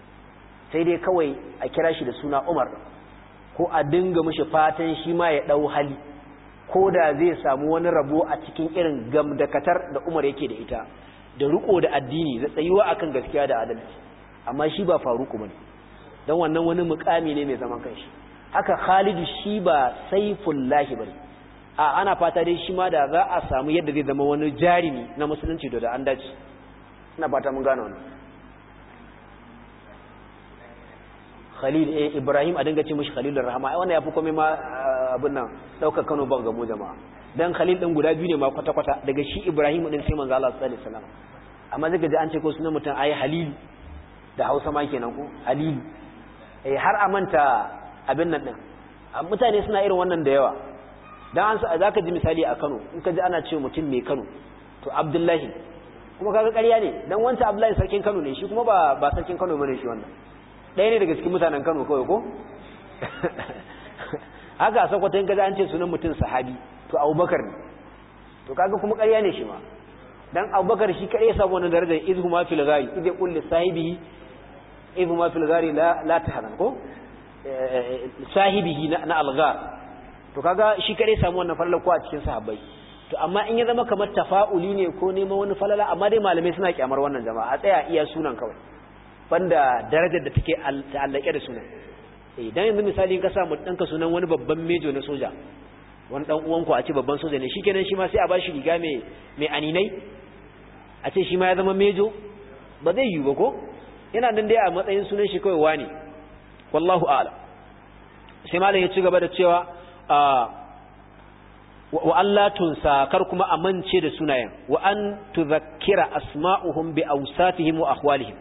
sai dai kawai a kira shi da suna umar ko a dinga mushi fatan shi ma ya ɗau hali ko da zai samu wani rabo a cikin irin gamdakatar da umar yake da ita da riko da addini da tsayuwa akan gaskiya da adalci amma shi ba faruku bane dan wannan wani mukami ne mai zaman kanshi haka khalidu shi ba saifullahi bane a ana fata dai shi ma da za a samu yadda zai zama wani jarimi na musulunci da an dace ina fata mun gane wannan khalil eh ibrahim a dinga ce mishi khalilur rahma ai wannan yafi komai ma eh, abin nan daukar Kano ban ga mu jama'a dan khalil din guda biyu ne ma kwata kwata daga shi ibrahim din sai manzo Allah sallallahu alaihi wasallam amma zaka ji an ce ko sunan mutum ai halil da Hausa ma kenan ko halil eh har a manta abin nan din mutane suna irin wannan da yawa dan an zaka ji misali a Kano in ka ji ana ce mutum mai Kano to Abdullahi kuma kaga ƙarya ne dan wancan Abdullahi sarkin Kano ne shi kuma ba ba sarkin Kano bane shi wannan ɗaya ne daga cikin mutanen kano kawai ko haka a sakwata yin gaza an ce sunan mutum sahabi to abubakar ne to kaga kuma karya ne shi ma don abubakar shi kaɗai ya samu wani darajar izu ma fi lagari idai kulle sahibihi izu ma fi lagari la tahzan ko sahibihi na algar to kaga shi kaɗai ya samu wannan falala ko a cikin sahabbai to amma in ya zama kamar tafa'uli ne ko neman wani falala amma dai malamai suna kyamar wannan jama'a a tsaya iya sunan kawai wanda darajar da take ta'allake da sunan idan eh, yanzu misali ka samu danka sunan wani babban mejo na soja wani dan uwanku a ce babban soja ne shikenan shi ma sai a bashi riga mai aninai a ce shi ma ya zama mejo ba zai yiwu ba ko yana nan dai a matsayin sunan shi kawai wani wallahu a'lam sai malam ya ci gaba da cewa wa Allah tunsa kar kuma amince da sunayen wa an tuzakkira asma'uhum bi awsatihim wa ahwalihim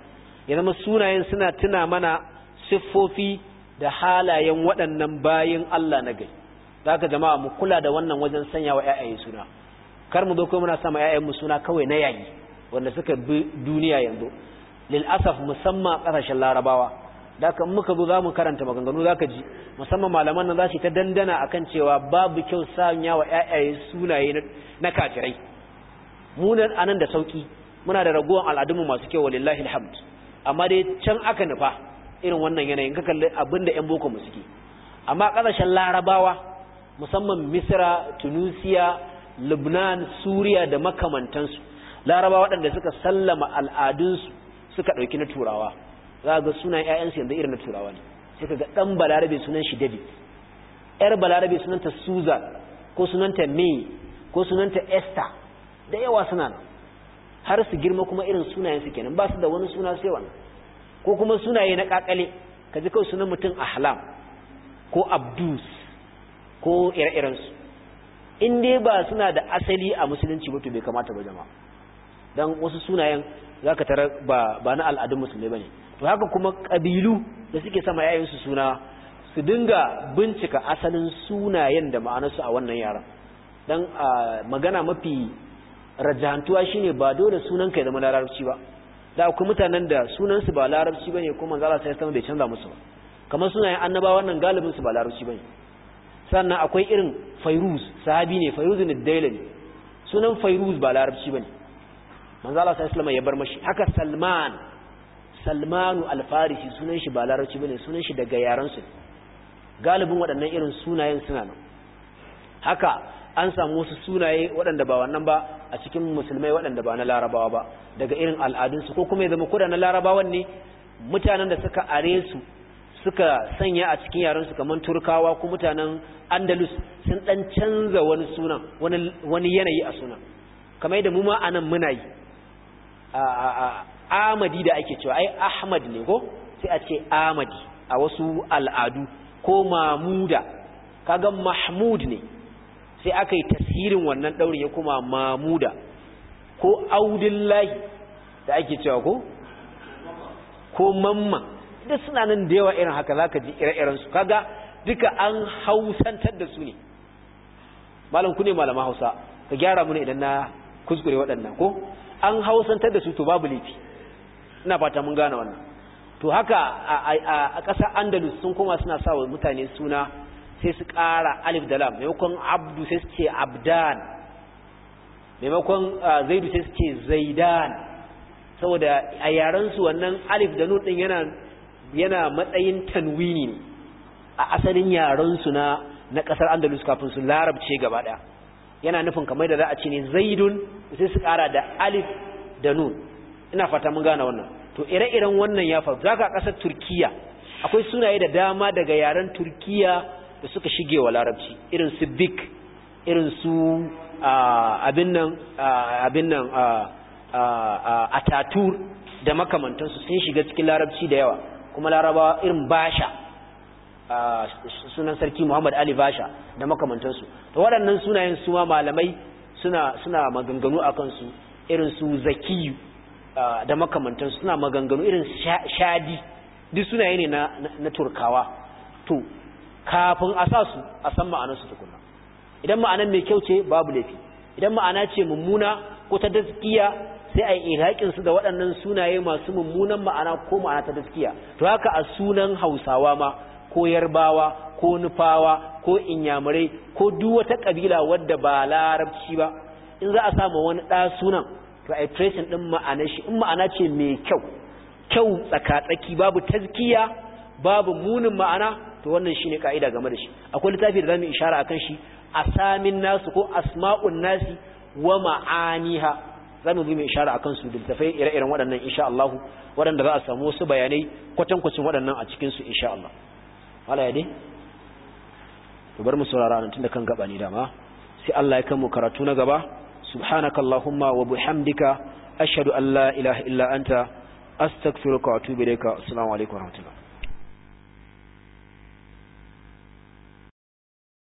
ya zama sunayen suna tuna mana siffofi da halayen waɗannan bayin Allah na gari za ka jama'a mu kula da wannan wajen sanya wa ƴaƴaye suna kar mu zo muna sama ƴaƴayen mu suna kawai na yayi wanda suka bi duniya yanzu lil asaf musamman ƙasashen larabawa da kan muka zo mu karanta maganganu ka ji musamman malaman nan za su ta dandana a kan cewa babu kyau sanya wa ƴaƴaye sunaye na kafirai mu nan anan da sauƙi muna da raguwan al'adunmu masu kyau wa lillahi alhamdu. amma dai can aka nufa irin wannan yanayin ka kalli abin da 'yan boko suke amma kasashen larabawa musamman misira tunisiya lubnan suriya da makamantansu larabawa waɗanda suka sallama al'adunsu suka ɗauki na turawa za ga sunan 'ya'yansu yanzu irin na turawa ne sai ga ɗan balarabe sunan shi david ‘yar balarabe sunanta suza ko sunanta may ko sunanta esther da yawa suna nan har su girma kuma irin sunayen su kenan ba su da wani suna sai wannan ko kuma sunaye na kakale kaji ji kawai sunan mutum ahlam ko abdus ko ire-iren in dai ba suna da asali a musulunci ba to bai kamata ba jama'a dan wasu sunayen zaka tara ba ba na al'adun musulmai bane to haka kuma kabilu da suke sama yayin su suna su dinga bincika asalin sunayen da ma'anarsu a wannan yaran dan ah, magana mafi rajahantuwa shine ba dole sunan ka ya zama larabci ba da akwai mutanen da sunan su ba larabci bane kuma manzo Allah sai ya bai canza musu ba kamar sunayen annabawa wannan galibin su ba larabci bane sannan akwai irin Fayruz sahabi ne Fayruz ne Dailan sunan Fayruz ba larabci bane manzo Allah sai ya bar mashi haka Salman Salmanu al-Farisi sunan shi ba larabci bane sunan shi daga yaran su galibin waɗannan irin sunayen suna nan haka an samu wasu sunaye waɗanda ba wannan ba a cikin musulmai waɗanda ba na larabawa ba daga irin al'adunsu ko kuma ya zama kuda na larabawan ne mutanen da suka are su suka sanya a cikin yarensu kamar turkawa ko mutanen andalus sun ɗan canza wani suna wani yanayi a sunan kamar da mu ma anan muna yi amadi da ake cewa ai ahmad ne ko sai a ce amadi a wasu al'adu ko mamuda kaga mahmud ne sai aka yi tasirin wannan daurin ya kuma mamuda ko lahi da ake cewa ko ko mamma da suna nan da yawa irin haka zaka ji ire-iren su kaga duka an hausantar da su ne malam ku ne malama Hausa ka gyara mana idan na kuskure waɗannan ko an hausantar da su to babu laifi ina fata mun gane wannan to haka a ƙasar Andalus sun kuma suna sawa mutane suna sai su ƙara alif da lam maimakon abdu sai su ce abdan maimakon uh, zaidu sai su ce zaidan saboda a yaren wannan alif da nun ɗin yana matsayin tanwini a asalin yaren na na ƙasar andalus kafin su larabce gaba ɗaya yana nufin kamar da za a ce ne zaidun sai su ƙara da alif da nun ina fata mun gane wannan to ire-iren wannan ya faru ka ƙasar turkiya akwai sunaye da dama daga yaren turkiya da suka shige wa larabci irin su bik irin su abin nan abin nan atatur da makamantansu sun shiga cikin larabci da yawa kuma larabawa irin basha sunan sarki muhammad ali basha da makamantansu da waɗannan sunayen su ma malamai suna suna maganganu a kansu irin su zakiyu da makamantansu suna maganganu irin shadi duk sunaye ne na turkawa to kafin a sa su a san ma'ana su idan ma'anar mai kyau ce babu laifi idan ma'ana ce mummuna ko ta daskiya sai a yi irhaƙin su da waɗannan sunaye masu mummunan ma'ana ko ma'ana ta daskiya to haka a sunan Hausawa ma ko Yarbawa ko Nufawa ko Inyamurai ko duk wata kabila wadda ba Larabci ba in za a samu wani ɗa sunan to a tracing ɗin ma'anar shi in ma'ana ce mai kyau kyau tsaka-tsaki babu tazkiya babu munin ma'ana to wannan shine kaida game da shi akwai littafi da zamu ishara akan shi asamin nasu ko asma'un nasi wa ma'aniha zamu bi mu ishara akan su da littafai ire-iren waɗannan insha Allah waɗanda za a samu su bayanai kwatankwacin waɗannan a cikin su insha Allah wala ya dai to bar mu saurara nan tunda kan gaba ni dama sai Allah ya kanmu karatu na gaba subhanakallahumma wa bihamdika ashhadu an la ilaha illa anta astaghfiruka wa atubu ilayka assalamu alaikum wa rahmatullah